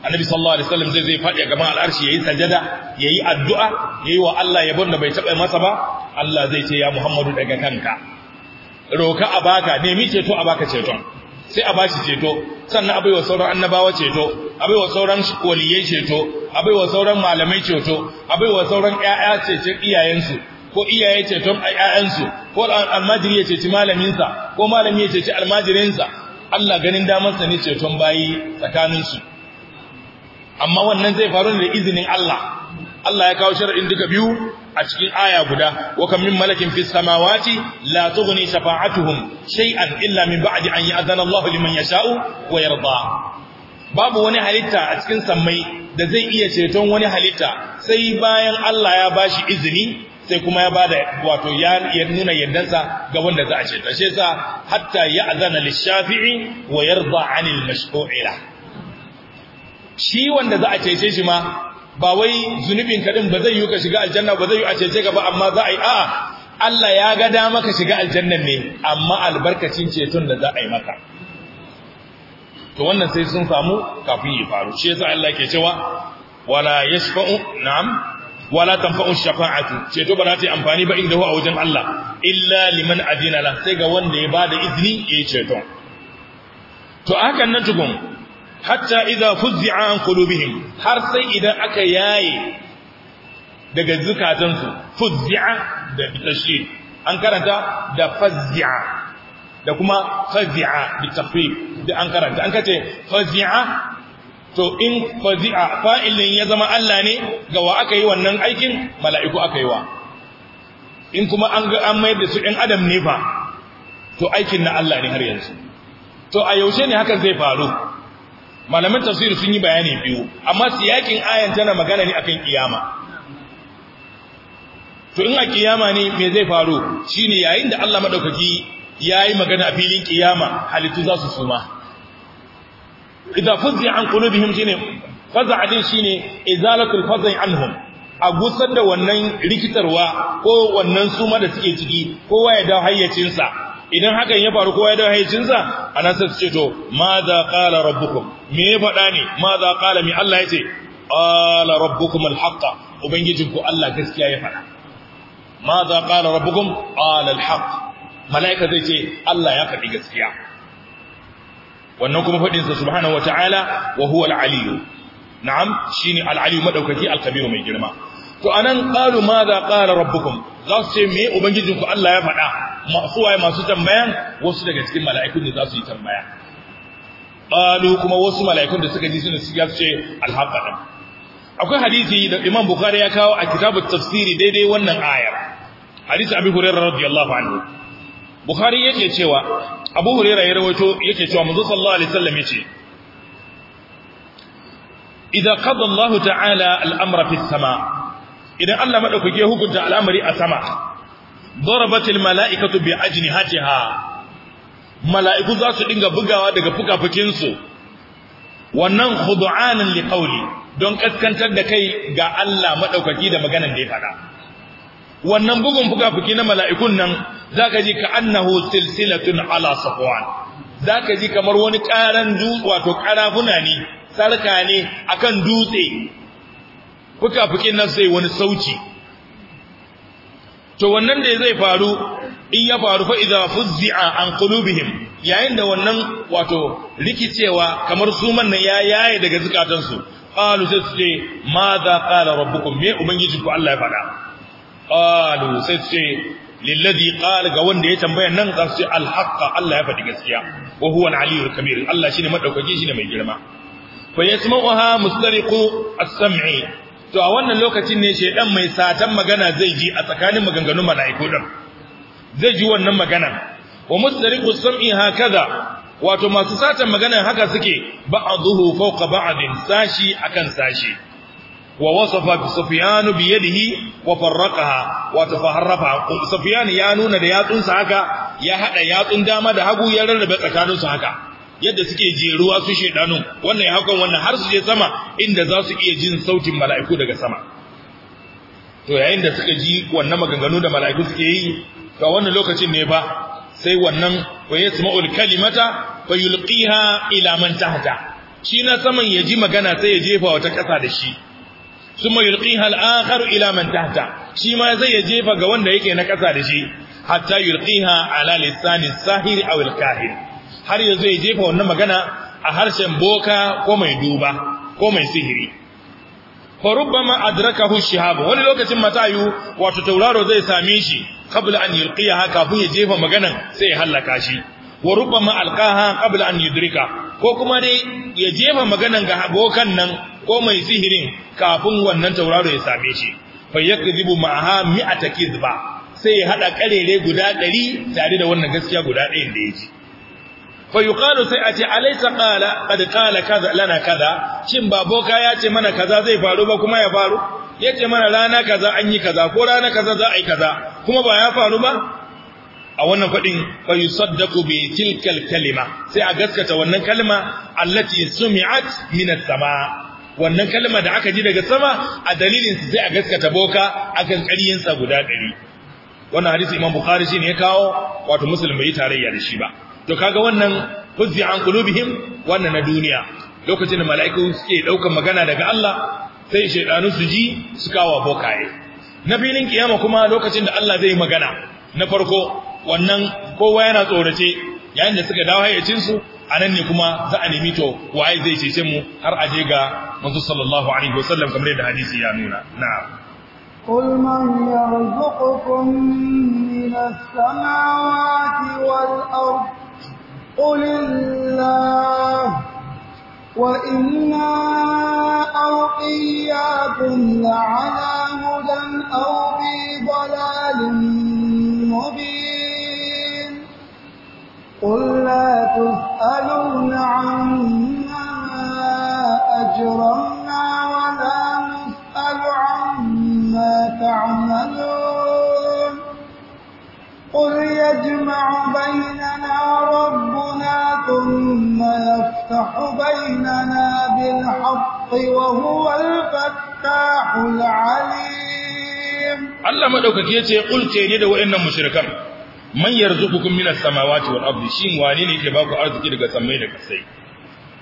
[SPEAKER 1] annabi sallallahu alaihi wasallam zai zai fadi gaban al'arshi yayi sajada yayi addu'a yayi wa Allah yabon da bai taba masa ba Allah zai ce ya Muhammadu daga kanka roka a baka nemi ceto a baka ceton sai a bashi ceto sannan abai wa sauran annabawa ceto abai wa sauran waliyai ceto abai wa sauran malamai ceto abai wa sauran ƴaƴa cece iyayensu ko iyaye ceton ƴaƴansu ko almajiri ya ceci malaminsa ko malami ya ceci almajirinsa Allah ganin damarsa ne ceton bayi tsakaninsu amma wannan zai faru ne da izinin Allah Allah ya kawo shar'in duka biyu a cikin aya guda Wakammin mallakin min malakin fis samawati la tughni shafa'atuhum shay'an illa min ba'di an ya'zana Allah liman yasha'u wa yarda babu wani halitta a cikin sammai da zai iya ceton wani halitta sai bayan Allah ya bashi izini sai kuma ya bada wato ya nuna yaddansa ga wanda za a ce ta sa hatta ya azana lishafi'i wa yarda anil mashku'ila shi wanda za a cece shi ma ba wai zunubin kadin ba zai yi ka shiga aljanna ba zai yi a cece ka ba amma za a yi a'a Allah ya ga dama ka shiga aljanna ne amma albarkacin ceton da za a yi maka to wannan sai sun samu kafin ya faru shi yasa Allah ke cewa wala yashfa'u na'am wala tanfa'u shafa'atu ceto ba za ta yi amfani ba inda a wajen Allah illa liman adina la sai ga wanda ya bada izini yayi ceto to hakan nan tukun hatta idza fuzzi'a an qulubihim har sai idan aka yaye daga zukatansu fuzzi'a da tashri an karanta da fazzi'a da kuma fazi'a bi tafwid da an karanta an kace fazzi'a to in fazi'a fa'ilin ya zama Allah ne ga wa aka yi wannan aikin mala'iku aka yi wa in kuma an ga an mayar da su ɗan adam ne fa to aikin na Allah ne har yanzu to a yaushe ne hakan zai faru Malamin tafsiri sun yi bayani biyu amma siyakin ayan tana magana ne akan kiyama to in a kiyama ne me zai faru shine yayin da Allah madaukaki yayi magana a filin kiyama halittu za su suma idza fuzzi an qulubihim shine faza'a din shine izalatul fazai anhum a gusar da wannan rikitarwa ko wannan suma da suke ciki kowa ya dawo hayyacinsa idan hakan ya faru kowa ya dawo hayyacinsa sa sai su ce to ma za qala rabbukum me ya faɗa ne ma za qala mi Allah yace qala rabbukum alhaqa ubangijinku Allah gaskiya ya faɗa ma za qala rabbukum qala alhaq malaika zai ce Allah ya faɗi gaskiya wannan kuma fadin sa subhanahu wataala wa huwa al-aliyu na'am shine al-aliyu madaukaki al-kabiru mai girma to anan qalu za qala rabbukum za su ce me ubangijin ku? Allah ya faɗa masu waye masu tambayan wasu daga cikin mala'ikun da za su yi tambaya qalu kuma wasu mala'ikun da suka ji suna su ce al-haqqa akwai hadisi da Imam Bukhari ya kawo a kitabut tafsiri daidai wannan ayar hadisi Abi Hurairah radiyallahu anhu Bukhari yake cewa abu Hurera ya rawaito yake cewa manzo sallallahu alaihi wasallam yace idza qada Allah ta'ala al-amra fi sama idan Allah madaukake hukunta al'amari a sama darabatil mala'ikatu bi ajnihatiha mala'iku za su dinga bugawa daga fukafukin su wannan khud'anan liqawli don kaskantar da kai ga Allah madaukaki da maganar da ya faɗa wannan bugun fuka-fuki na mala'ikun nan za ka ji ka annahu silsilatun ala safwan za ka ji kamar wani ƙaran dutse wato ƙarafuna ne sarka ne a kan dutse fuka-fukin nan sai wani sauci to wannan da zai faru in ya faru fa idza fuzzi'a an qulubihim yayin da wannan wato rikicewa kamar su man ya yaye daga zukatansu qalu sai su ce ma za qala rabbukum me ubangijinku Allah ya faɗa qalu sai lilladhi qala ga wanda ya tambaya nan za su alhaqa Allah ya faɗi gaskiya wa huwa al-aliyyul kabir Allah shine madaukaki shine mai girma fa yasma'uha mustariqu as-sam'i to a wannan lokacin ne shedan mai satan magana zai ji a tsakanin maganganun mala'iku din zai ji wannan magana wa mustariqu as-sam'i hakaza wato masu satan magana haka suke ba'dhuhu fawqa ba'din sashi akan sashi wa سفيان بيده وفرقها yadihi سفيان يا wa tafarrafa sufyan ya nuna da yatsunsa haka ya hada yatsun dama da hagu ya rarrabe tsakaninsu haka yadda suke jeruwa su shedanun wannan ya hakan wannan har su je sama inda za su iya jin sautin mala'iku daga sama to yayin da suka ji wannan maganganu da mala'iku suke yi ga wannan lokacin ne ba sai wannan wa yasma'ul kalimata fa yulqiha ila man tahta shi na saman ya ji magana sai ya jefa wata ƙasa da shi summa yulqiha al-akhar ila man tahta shi ma zai ya jefa ga wanda yake na kasa da shi hatta yulqiha ala lisani sahir aw al-kahin har ya zai jefa wannan magana a harshen boka ko mai duba ko mai sihiri fa rubbama adrakahu shihab wani lokacin matayu wato tauraro zai same shi qabla an yulqiha kafin ya jefa maganan sai ya halaka shi wa rubbama alqaha qabla an yudrika ko kuma dai ya jefa maganan ga bokan nan ko mai sihirin kafin wannan tauraro ya same shi fa yakzibu ma'aha mi'ata kizba sai ya hada karere guda 100 tare da wannan gaskiya guda ɗayan da yake fa yuqalu sai a ce alaysa qala qad qala kaza lana kaza shin baboka ya ce mana kaza zai faru ba kuma ya faru yace mana rana kaza an yi kaza ko rana kaza za a yi kaza kuma ba ya faru ba a wannan fadin fa yusaddaqu bi tilkal kalima sai a gaskata wannan kalma allati sumi'at min as-sama wannan kalmar da aka ji daga sama a dalilin su sai a gaskata boka akan ƙaryin sa guda ɗari. wannan hadisi Imam Bukhari shine ya kawo wato Muslim bai tarayya da shi ba to kaga wannan huzzi an qulubihim wannan na duniya lokacin da mala'iku suke ɗaukar magana daga Allah sai shaydanu su ji su kawo bokaye na filin kiyama kuma lokacin da Allah zai magana na farko wannan kowa yana tsorace yayin da suka dawo hayyacin su anan ne kuma za a nemi to waye zai cece mu har a je ga manzo sallallahu alaihi wasallam kamar
[SPEAKER 3] yadda hadisi ya nuna na'am
[SPEAKER 2] قل من يرزقكم من السماوات والأرض قل الله وإنا أرقياكم لعلى هدى أو في ضلال مبين قل لا تسألون عما أجرنا ولا نسأل عما تعملون قل يجمع بيننا ربنا ثم يفتح بيننا بالحق وهو الفتاح العليم
[SPEAKER 1] الله ما دوكك يجي قل تيجي دو إن مشركان من يرزقكم من السماوات والأرض شين وانين يتباكوا أرضك دقا سمينك السيد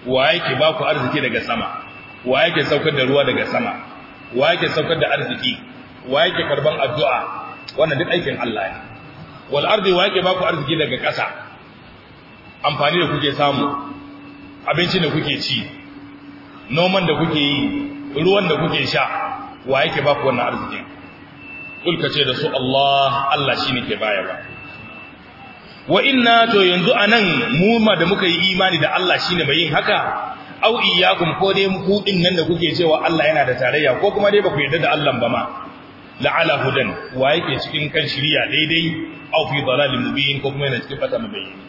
[SPEAKER 1] wa yake ba ku arziki daga sama wa yake saukar da ruwa daga sama wa yake saukar da arziki wa yake karban addu'a wannan duk aikin Allah ne wal ardi wa yake ba ku arziki daga ƙasa amfani da kuke samu abincin da kuke ci noman da kuke yi ruwan da kuke sha wa yake ba ku wannan arzikin kulka ce da su Allah Allah shine ke bayarwa wa inna to yanzu anan mu ma da muka yi imani da Allah shine bai yin haka au iyyakum ko dai mu kudin nan da kuke cewa Allah yana da tarayya ko kuma dai ba ku yarda da Allah ba ma la'ala hudan wa yake cikin kan shiriya daidai au fi dalalin mubin ko kuma yana cikin fata mabayyani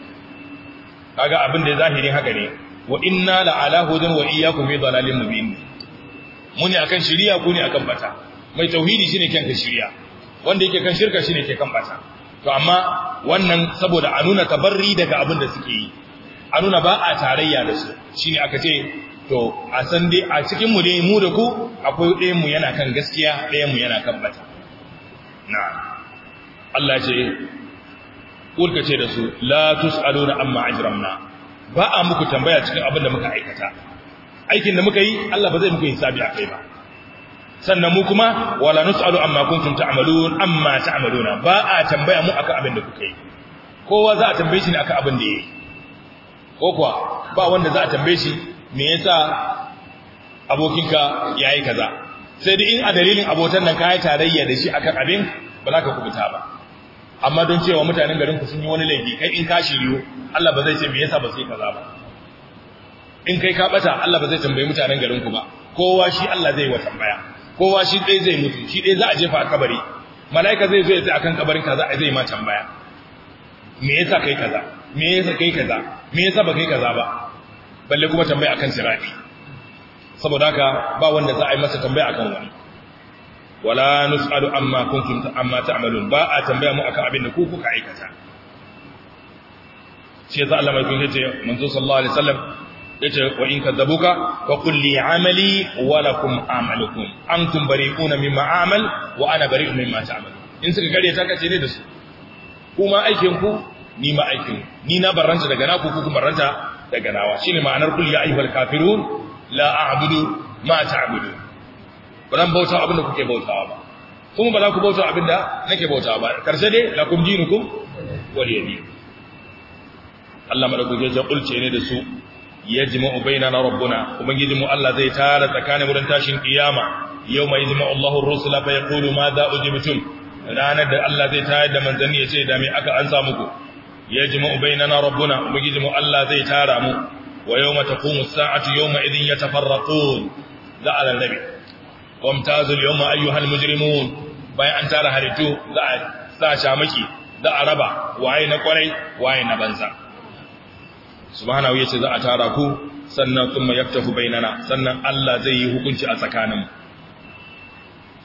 [SPEAKER 1] kaga abin da zahiri haka ne wa inna la'ala hudan wa iyyakum fi dalalin mubin muni akan shiriya ku ne akan bata mai tauhidi shine kanka shiriya wanda yake kan shirka shine ke kan bata to amma wannan saboda a nuna tabarri daga abin da suke yi a nuna ba a tarayya da su shi ne aka ce to a san dai a cikin mu dai mu da ku akwai ɗayan mu yana kan gaskiya ɗayan mu yana kan bata na Allah ce kurka ce da su la tusaluna amma ajramna ba a muku tambaya cikin abin da muka aikata aikin da muka yi Allah ba zai muku hisabi kai ba sannan mu kuma wala nus'alu amma kuntum ta'malun amma ta'maluna ba a tambaya mu akan abin da kuke yi kowa za a tambaye shi ne akan abin da yake ko kuwa ba wanda za a tambaye shi me yasa abokinka yayi kaza sai dai in a dalilin abotan nan kai tarayya da shi akan abin ba za ka kubuta ba amma don cewa mutanen garin ku sun yi wani laifi kai in ka shiryo Allah ba zai ce me yasa ba sai kaza ba in kai ka bata Allah ba zai tambaye mutanen garin ku ba kowa shi Allah zai wa tambaya kowa shi ɗaya zai mutu shi ɗaya za a jefa a kabari mala'ika zai zo ya tsaya akan kabarin kaza a zai ma baya. me yasa kai kaza me yasa kai kaza me yasa ba kai kaza ba balle kuma tambaya akan sirafi. saboda haka ba wanda za a yi masa tambaya akan wani wala nus'alu amma kuntum amma ta'malun ba a tambaya mu akan abin da ku kuka aikata shi yasa Allah mai kun manzo sallallahu alaihi wasallam yace wa in kadzabuka fa qul li amali wa lakum amalukum antum bari'una mimma amal wa ana bari'un mimma ta'mal in suka kare ta kace ne da su kuma aikin ku ni ma aikin ni na barranta daga naku ku kuma barranta daga nawa shine ma'anar qul ya ayyuhal kafirun la a'budu ma ta'budu ban bauta abinda kuke bautawa ba kuma ba za ku bauta abinda nake bautawa ba karshe dai lakum dinukum waliyadi Allah madaukake ya kulce ne da su yajma'u bainana rabbuna mu Allah zai tara tsakanin wurin tashin kiyama Yau yajma'u Allahu ar-rusula fa yaqulu ma za ujibtum ranar da Allah zai tayar da manzanni yace da me aka ansa muku yajma'u bainana rabbuna mu Allah zai tara mu wa yawma taqumu as-sa'atu yawma idhin yatafarraqun za al-nabi wamtazu al-yawma ayyuhal mujrimun bayan an tara haritu za a sa shamaki za a raba waye na kwarai waye na banza subhanahu yace za a tara ku sannan kuma yaktafu bainana sannan Allah zai yi hukunci a tsakaninmu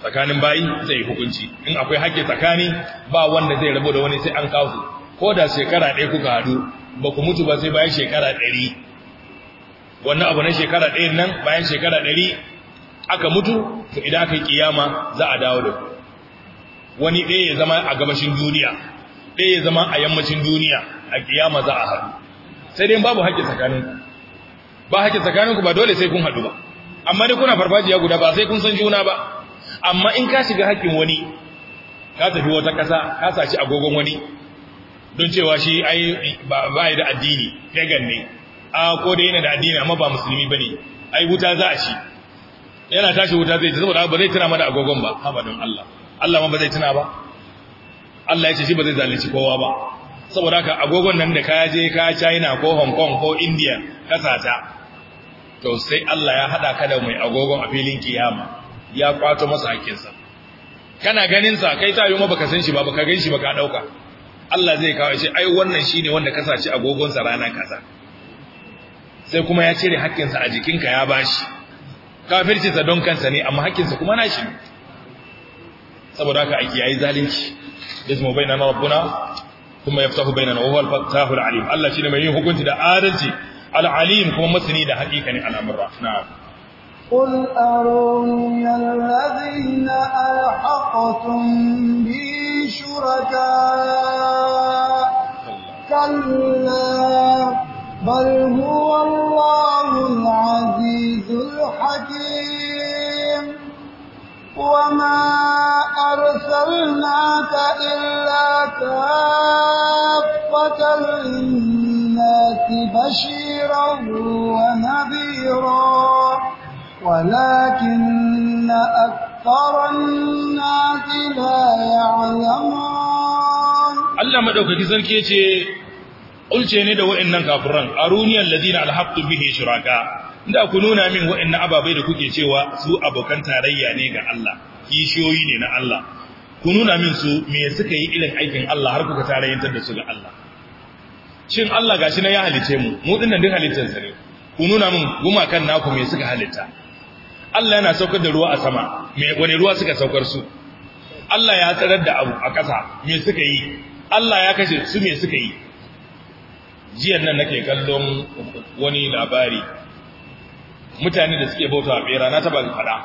[SPEAKER 1] tsakanin bayi zai yi hukunci in akwai haƙƙi tsakani ba wanda zai rabo da wani sai an kawo ko da shekara ɗaya kuka haɗu ba ku mutu ba sai bayan shekara ɗari wannan abu na shekara ɗaya nan bayan shekara ɗari aka mutu to idan aka yi kiyama za a dawo da ku wani ɗaya ya zama a gabashin duniya ɗaya ya zama a yammacin duniya a kiyama za a haɗu sai dai babu haƙƙi tsakaninku ba haƙƙi tsakaninku ba dole sai kun haɗu ba amma dai kuna farfajiya guda ba sai kun san juna ba amma in ka shiga haƙƙin wani ka tafi wata ƙasa ka saci agogon wani don cewa shi ai ba ba da addini pagan ne a ko da yana da addini amma ba musulmi bane ai wuta za a shi yana tashi wuta zai saboda ba zai tuna mana agogon ba haba don Allah Allah ma ba zai tuna ba Allah ya ce shi ba zai zalunci kowa ba saboda ka agogon nan da ka je ka China ko Hong Kong ko India kasata, to sai Allah ya hada ka da mai agogon a filin kiyama ya kwato masa hakinsa kana ganin sa kai ta yi ma baka san shi ba baka gan shi baka dauka Allah zai kawo shi ai wannan shine wanda ka saci agogon sa rana kaza sai kuma ya cire hakinsa a jikinka ya bashi kafircinsa don kansa ne amma hakinsa kuma nashi ne saboda haka a kiyayi zalunci yasmu bainana rabbuna kuma yaftahu bainana wa huwal fattahul alim Allah shine mai yin hukunci da adalci al alim kuma masani da hakikanin al'amura na'am
[SPEAKER 2] قل أروني الذين ألحقتم بي شركاء كلا بل هو الله العزيز hakim وما أرسلناك إلا كافة للناس بشيرا ونذيرا ولكن أكثر الناس لا يعلمون
[SPEAKER 1] الله مدوكاكي sarki yace ulce ne da wa'annan kafiran aruniyan ladina alhaqtu bihi shuraka da ku nuna min wa'annan ababai da kuke cewa su abokan tarayya ne ga Allah kishiyoyi ne na Allah ku nuna min su me suka yi irin aikin Allah har kuka tarayyantar da su ga Allah shin Allah gashi na ya halice mu mu dinnan duk halittar sare ku nuna min kan naku me suka halitta Allah yana saukar da ruwa a sama me wani ruwa suka saukar su Allah ya tsarar da abu a ƙasa me suka yi Allah ya kashe su me suka yi jiyan nan nake kallon wani labari mutane da suke bautawa bera na taba faɗa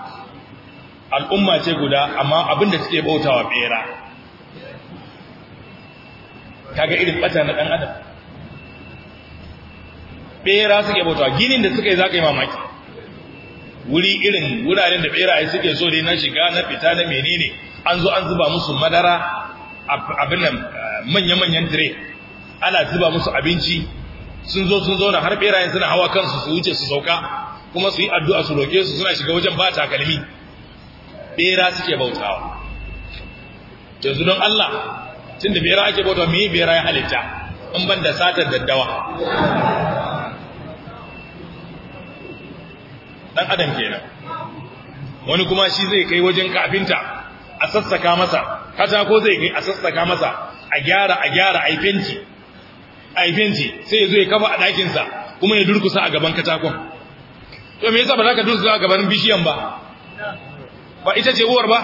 [SPEAKER 1] al'umma ce guda amma abin da suke bautawa bera kaga irin bata na dan adam bera suke bautawa ginin da suke yi zaka yi mamaki wuri irin wuraren da beraye suke so dai na shiga na fita na menene an zo an zuba musu madara abin nan manya-manyan dire ana zuba musu abinci sun zo sun zauna har berayen suna hawa kansu su wuce su sauka kuma su yi addu'a su roƙe su suna shiga wajen ba takalmi bera suke bautawa yanzu don Allah cin da bera ake bautawa mai bera ya halitta in ban da satar daddawa dan adam kenan wani kuma shi zai kai wajen kafinta a sassaka masa katako zai kai a sassaka masa a gyara a gyara a yi fenti sai ya ya kafa a ɗakinsa kuma ya durkusa a gaban katakon to me yasa ba za ka dusu a gaban bishiyan ba ba ita ce uwar ba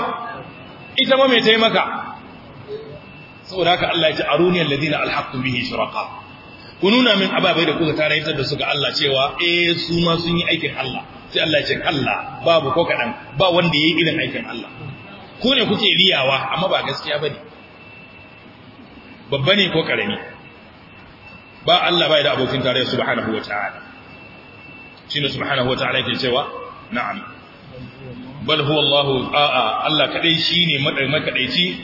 [SPEAKER 1] ita ma mai taimaka saboda haka Allah ya ce aruni alladina alhaqtu bihi shuraka ku nuna min ababai da kuka tarayyantar da su ga Allah cewa eh su ma sun yi aikin Allah sai Allah ya ce Allah babu ko kadan ba wanda yayi irin aikin Allah ku ne kuke riyawa amma ba gaskiya bane babba ne ko karami ba Allah bai da abokin tarayya subhanahu wataala shine subhanahu wataala yake cewa na'am bal huwa Allah a'a Allah kadai shine makadaici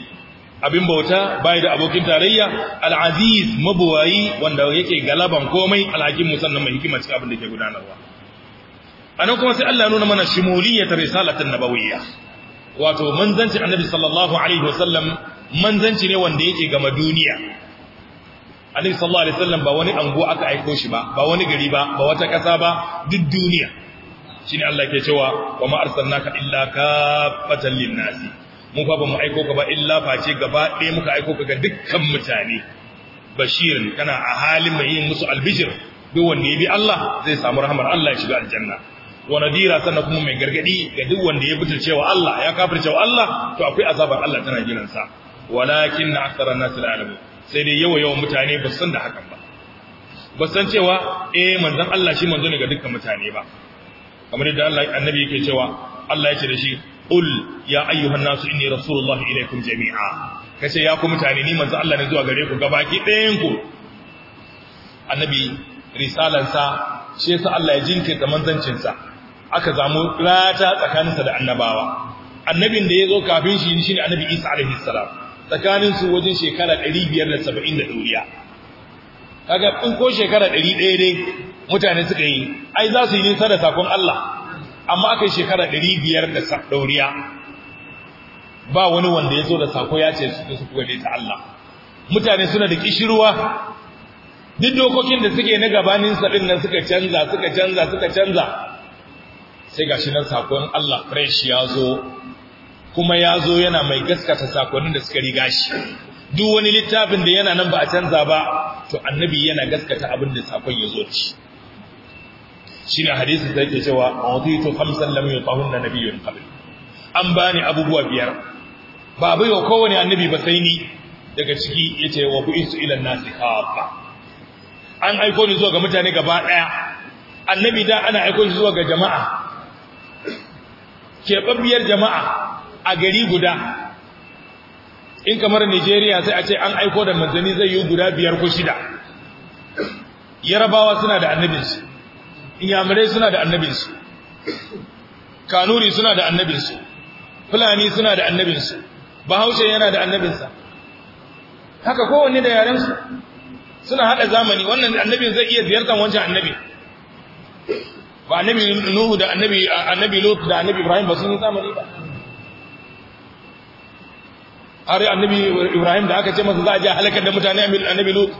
[SPEAKER 1] abin bauta bai da abokin tarayya al-aziz mabuwayi wanda yake galaban komai alhakin musannan mai hikima cikin abin da ke gudanarwa anan kuma sai Allah ya nuna mana shimuliyatar risalatin nabawiyya wato manzanci annabi sallallahu alaihi wasallam manzanci ne wanda yake gama duniya annabi sallallahu alaihi wasallam ba wani ango aka aiko shi ba ba wani gari ba ba wata ƙasa ba duk duniya shine Allah ke cewa wa ma arsalnaka illa kafatan linnasi mu fa ba mu aiko ka ba illa face gaba ɗaya muka aiko ka ga dukkan mutane bashirin kana a halin mai yin musu albishir duk wanda ya bi Allah zai samu rahmar Allah ya shiga aljanna wa nadira sannan kuma mai gargadi ga duk wanda ya butulce cewa Allah ya kafirce wa Allah to akwai azabar Allah tana jiransa walakin aktharan nas la alamu sai dai yawa yawan mutane ba san da hakan ba ba san cewa eh manzon Allah shi manzo ne ga dukkan mutane ba kamar yadda Allah annabi yake cewa Allah ya ce da shi Ul ya ayyuhan nasu inni rasulullahi ilaikum jami'a kace ya ku mutane ni manzon Allah ne zuwa gare ku gabaki ɗayan ku annabi risalansa shi yasa Allah ya jinkirta manzancinsa aka zamu rata tsakaninsa da annabawa annabin da ya zo kafin shi shine annabi Isa alaihi salam tsakanin su wajen shekara 570 da duniya kaga in ko shekara 100 dai mutane suka yi ai za su yi nisa da sakon Allah amma aka yi shekara 500 da dauriya ba wani wanda ya zo da sako ya ce su su gode ta Allah mutane suna da kishirwa duk dokokin da suke na gabanin sa din nan suka canza suka canza suka canza sai gashi nan sakon Allah fresh ya zo kuma ya zo yana mai gaskata sakonin da suka riga shi duk wani littafin da yana nan ba a canza ba to annabi yana gaskata abin da sakon ya zo ci ne hadisi da yake cewa auditu khamsan lam yutahunna nabiyyun qabl an bani abubuwa biyar ba bai wa kowane annabi ba sai ni daga ciki yace wa bu'isu ila nasi kafa an aiko ni zuwa ga mutane gaba daya annabi da ana aiko shi zuwa ga jama'a keɓaɓɓiyar jama'a a gari guda in kamar Nigeria sai a ce an aiko da manzanni zai yi guda biyar ko shida yarabawa suna da annabinsu inyamurai suna da annabinsu kanuri suna da annabinsu fulani suna da annabinsu bahaushe yana da annabinsa haka kowanne da yarensu suna hada zamani wannan annabin zai iya ziyartar wancan annabi ba annabi nuhu da annabi annabi lut da annabi ibrahim ba sun zamani ba har annabi Ibrahim da aka ce masa za a je halakar da mutane annabi Lut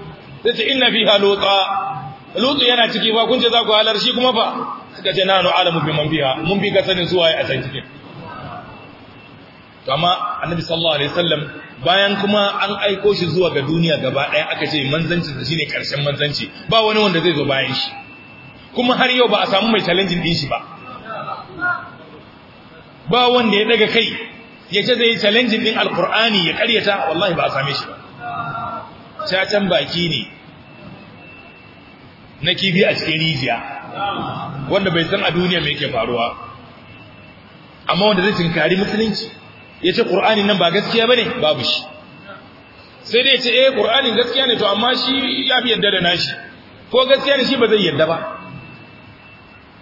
[SPEAKER 1] sai ce inna fiha luta Lut yana ciki ba kun ce za ku halar shi kuma fa suka ce nanu alamu bi man biha mun bi ga sanin zuwa a san cikin to annabi sallallahu alaihi wasallam bayan kuma an aiko shi zuwa ga duniya gaba ɗaya aka ce manzanci da shine karshen manzanci ba wani wanda zai zo bayan shi kuma har yau ba a samu mai challenging din shi ba ba wanda ya daga kai ya ce zai challenging din alqur'ani ya karyata wallahi ba a same shi ba cacan baki ne na kibi a cikin rijiya wanda bai san a duniya me ke faruwa amma wanda zai tinkari musulunci ya ce ƙur'ani nan ba gaskiya bane babu shi sai dai ya ce eh ƙur'ani gaskiya ne to amma shi ya fi yarda da nashi ko gaskiya ne shi ba zai yarda ba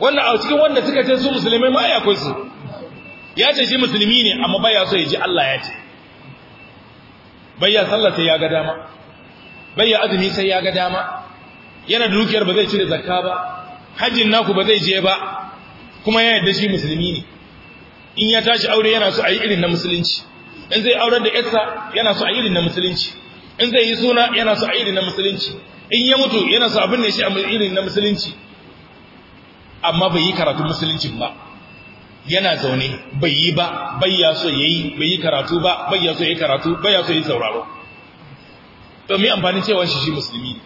[SPEAKER 1] wannan a cikin wanda suka ce su musulmai ma su ya ce shi musulmi ne amma baya so ya ji Allah ya ce baya sallah sai ya ga dama baya azumi sai ya ga dama yana da dukiyar ba zai cire zakka ba hajjin naku ba zai je ba kuma ya yadda shi musulmi ne in ya tashi aure yana so a yi irin na musulunci in zai aurar da yarsa yana so a yi irin na musulunci in zai yi suna yana so a yi irin na musulunci in ya mutu yana so abin ne shi a irin na musulunci amma bai yi karatun musuluncin ba yana zaune bai yi ba bai ya so yayi bai yi karatu ba bai ya so yayi karatu bai ya so yayi sauraro to me amfanin cewa shi shi musulmi ne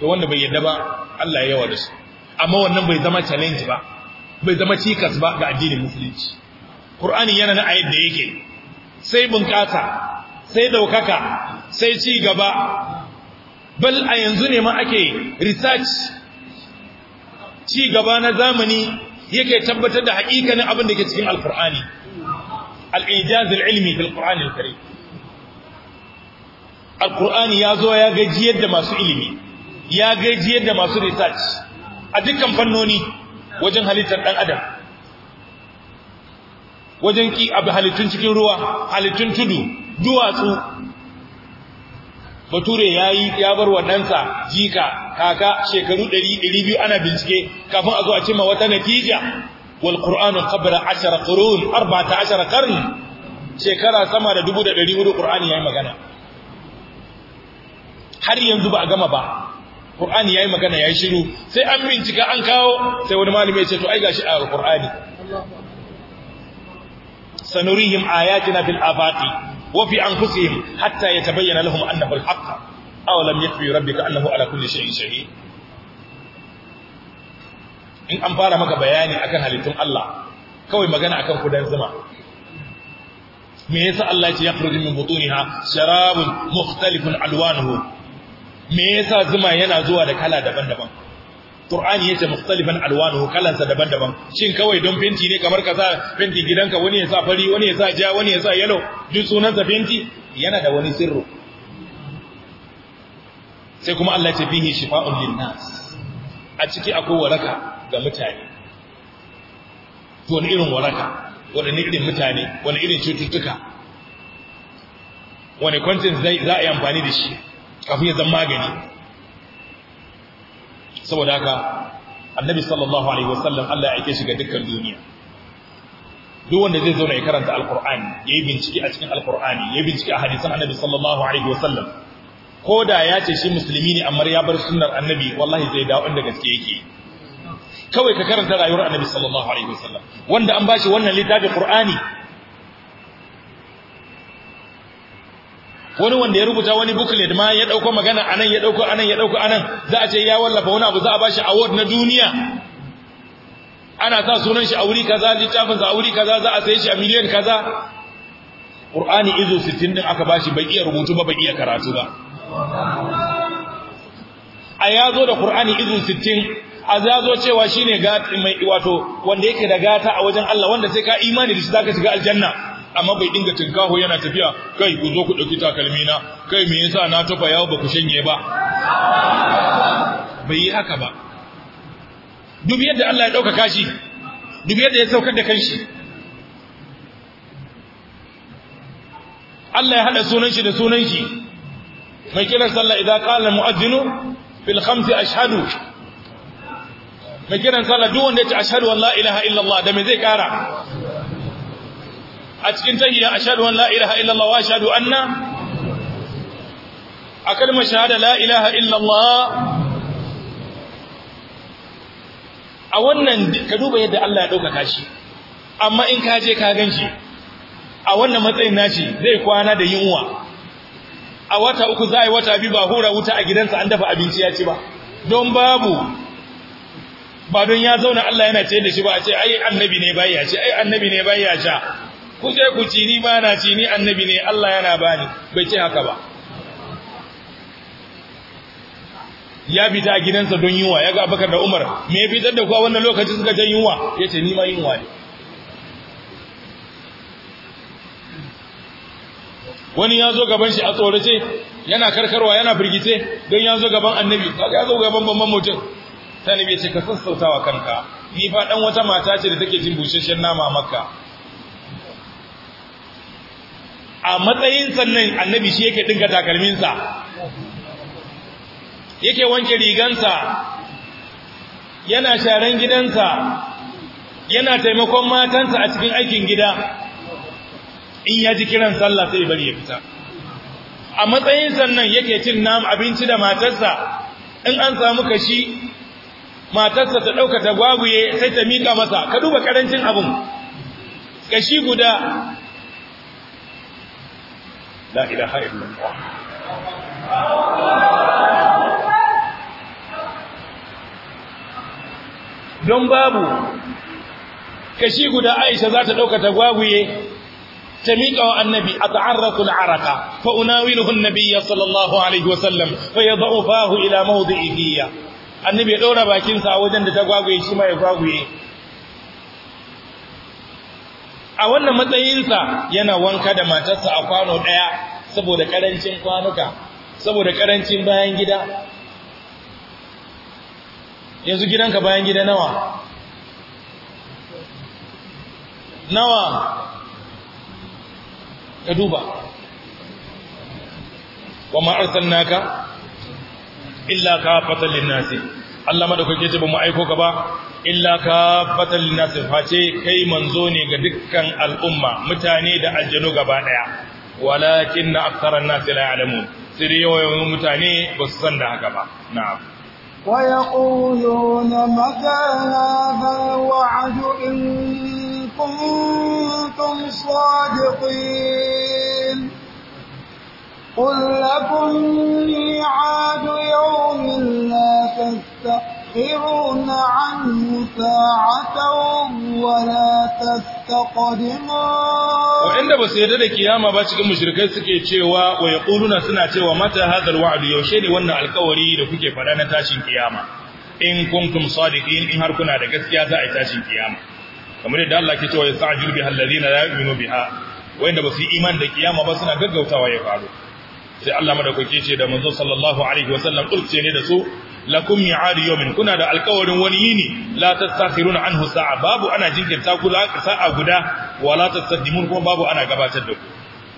[SPEAKER 1] to wanda bai yadda ba Allah ya yawa da su amma wannan bai zama challenge ba bai zama cikas ba ga addinin musulunci Qur'ani yana na ayat da yake sai bunƙasa sai daukaka sai ci gaba bal a yanzu ne ma ake research ci gaba na zamani yake tabbatar da haƙiƙanin abin da ke cikin alkur'ani al-ijaz fil al-karim alkur'ani ya zo ya gaji yadda masu ilimi ya gajiyar da masu research a dukkan fannoni wajen halittar ɗan adam wajen ki abu halittun cikin ruwa halittun tudu duwatsu bature yi ya bar wa ɗansa jika kaka shekaru 100 ana bincike kafin a zo a cimma wata natija wal qur'anu qabla 10 qurun 14 qarn shekara sama da 1400 qur'ani yayi magana har yanzu ba a gama ba qur'ani yayi magana yayi shiru sai an bincika an kawo sai wani malami ya ce to ai gashi a qur'ani sanurihim ayatina fil afaqi wa fi anfusihim hatta yatabayyana lahum annahu al-haqq aw lam yakfi rabbika annahu ala kulli shay'in shahid in an fara maka bayani akan halittun Allah kawai magana akan kudan zuma me yasa Allah ya ce yakhruju min butuniha sharabun mukhtalifun alwanuhu me yasa zuma yana zuwa da kala daban-daban Qur'ani yace mukhtalifan alwanuhu kalansa daban-daban shin kawai don fenti ne kamar ka sa fenti gidanka wani ya sa fari wani ya sa ja wani ya sa yellow duk sunansa fenti yana da wani sirri sai kuma Allah ya ce shifa'un linnas a ciki akwai waraka ga mutane to wani irin waraka wani irin mutane wani irin cututtuka wani kwantin za a yi amfani da shi kafin ya zama magani saboda haka annabi sallallahu alaihi wasallam Allah ya aike shi ga dukkan duniya duk wanda zai zauna ya karanta alqur'ani yayi bincike a cikin alqur'ani yayi bincike a hadisan annabi sallallahu alaihi wasallam da ya ce shi musulmi ne amma ya bar sunnar annabi wallahi zai dawo inda gaske yake kawai ka karanta rayuwar annabi sallallahu alaihi wasallam wanda an bashi wannan littafin qur'ani wani wanda ya rubuta wani booklet ma ya dauko magana anan ya dauko anan ya dauko anan za a ce ya wallafa wani abu za a bashi award na duniya ana sa sunan shi a wuri kaza littafin sa a wuri kaza za a saye shi a miliyan kaza Qur'ani izo 60 din aka bashi bai iya rubutu ba bai iya karatu ba a yazo da Qur'ani izo 60 a yazo cewa shine ga mai wato wanda yake da gata a wajen Allah wanda sai ka imani da shi zaka shiga aljanna amma bai dinga tinkaho yana tafiya kai ku zo ku ɗauki takalmi na kai me yasa na tafa yawo ba ku shanye ba bai yi haka ba duk yadda Allah ya ɗaukaka shi duk yadda ya saukar da kanshi Allah ya haɗa sunan shi da sunan shi mai kiran sallah idan qala mu'adhdhinu bil khamsi ashhadu mai kiran sallah duk wanda ya ce ashhadu an la ilaha illallah da me zai kara a cikin tahiyya ashhadu an la ilaha illallah wa ashhadu anna a kalmar shahada la ilaha illallah a wannan ka duba yadda Allah ya ɗaukaka shi amma in ka je ka gan shi a wannan matsayin nashi zai kwana da yunwa a wata uku za a yi wata biyu ba hura wuta a gidansa an dafa abinci ya ci ba don babu ba don ya zauna Allah yana ce da shi ba a ce ai annabi ne bai ya ce ai annabi ne bai ya sha ku je ku ci ni ba na ci ni annabi ne Allah yana bani bai ce haka ba ya fita a gidansa don yunwa ya ga abakar da umar me ya fitar da kuwa wannan lokaci suka jan yunwa ya ce nima yunwa ne wani ya zo gaban shi a tsorace yana karkarwa yana firgice don ya zo gaban annabi ya zo gaban babban mutum sanibi ya ce ka sassautawa kanka ni fa dan wata mata ce da take jin busasshen nama makka a matsayin sannan annabi shi yake dinka takalminsa yake wanke rigansa yana sharan gidansa yana taimakon matansa a cikin aikin gida in ya ji kiran sallah sai bari ya fita a matsayin sannan yake cin nam abinci da matarsa in an samu kashi matarsa ta ɗauka ta gwaguye sai ta miƙa masa ka duba ƙarancin abin kashi guda la ilaha illallah don babu kashi guda Aisha za ta dauka ta gwagwiye ta miƙa wa annabi at'arraqu al'araqa fa unawiluhu an sallallahu alaihi wa sallam fa yad'ufahu ila mawdi'ihi annabi ya daura bakin sa a wajen da ta gwagwiye shi ma ya gwaguye. a wannan matsayinsa yana wanka da matarsa a kwano ɗaya saboda ƙarancin kwanuka saboda ƙarancin bayan gida yanzu gidanka bayan gida nawa nawa ka duba wa naka illa ka fatalin nasi Allah madaukake ce ba mu aiko ka ba illa ka fatal linasi face kai manzo ne ga dukkan al'umma mutane da aljanu gaba daya walakin aktharan nasi la ya'lamun sai yawan mutane ba su san da haka ba na'am
[SPEAKER 2] wa yaquluna mata hadha alwa'd in kuntum sadiqin قل لكم ميعاد يوم تستأخرون عنه ساعة ولا تستقدمون
[SPEAKER 1] وعند بسيدة القيامة باشك cewa سكي تشيوا ويقولون سنة تشيوا متى هذا الوعد يوشيني وانا الكوري لكي فلانا تاشين قيامة in kuntum sadiqin in har kuna da gaskiya za a yi tashin kiyama kamar yadda Allah ke cewa ya sa'jil biha alladhina la yu'minu biha wanda ba su yi iman da kiyama ba suna gaggautawa ya faru sai Allah madaukake ce da manzo sallallahu alaihi wasallam kulce ne da su lakum mi'ad yawmin kuna da alƙawarin wani yini la tastakhiruna anhu sa'a babu ana jinkirta ku sa'a guda wala tastaqdimun kuma babu ana gabatar da ku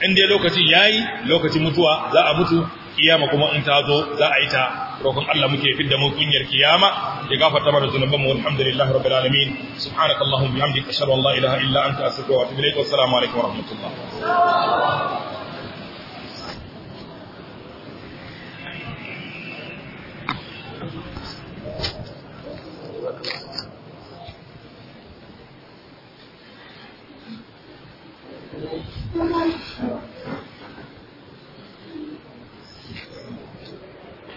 [SPEAKER 1] in dai lokacin yayi lokacin mutuwa za a mutu kiyama kuma in ta zo za a yi ta roƙon Allah muke fidda mu kunyar kiyama ya gafarta mana zunuban mu alhamdulillahi rabbil alamin subhanakallahumma bihamdika ashhadu an la ilaha illa anta astaghfiruka wa atubu ilaik wa assalamu alaikum wa
[SPEAKER 3] rahmatullah Thank you.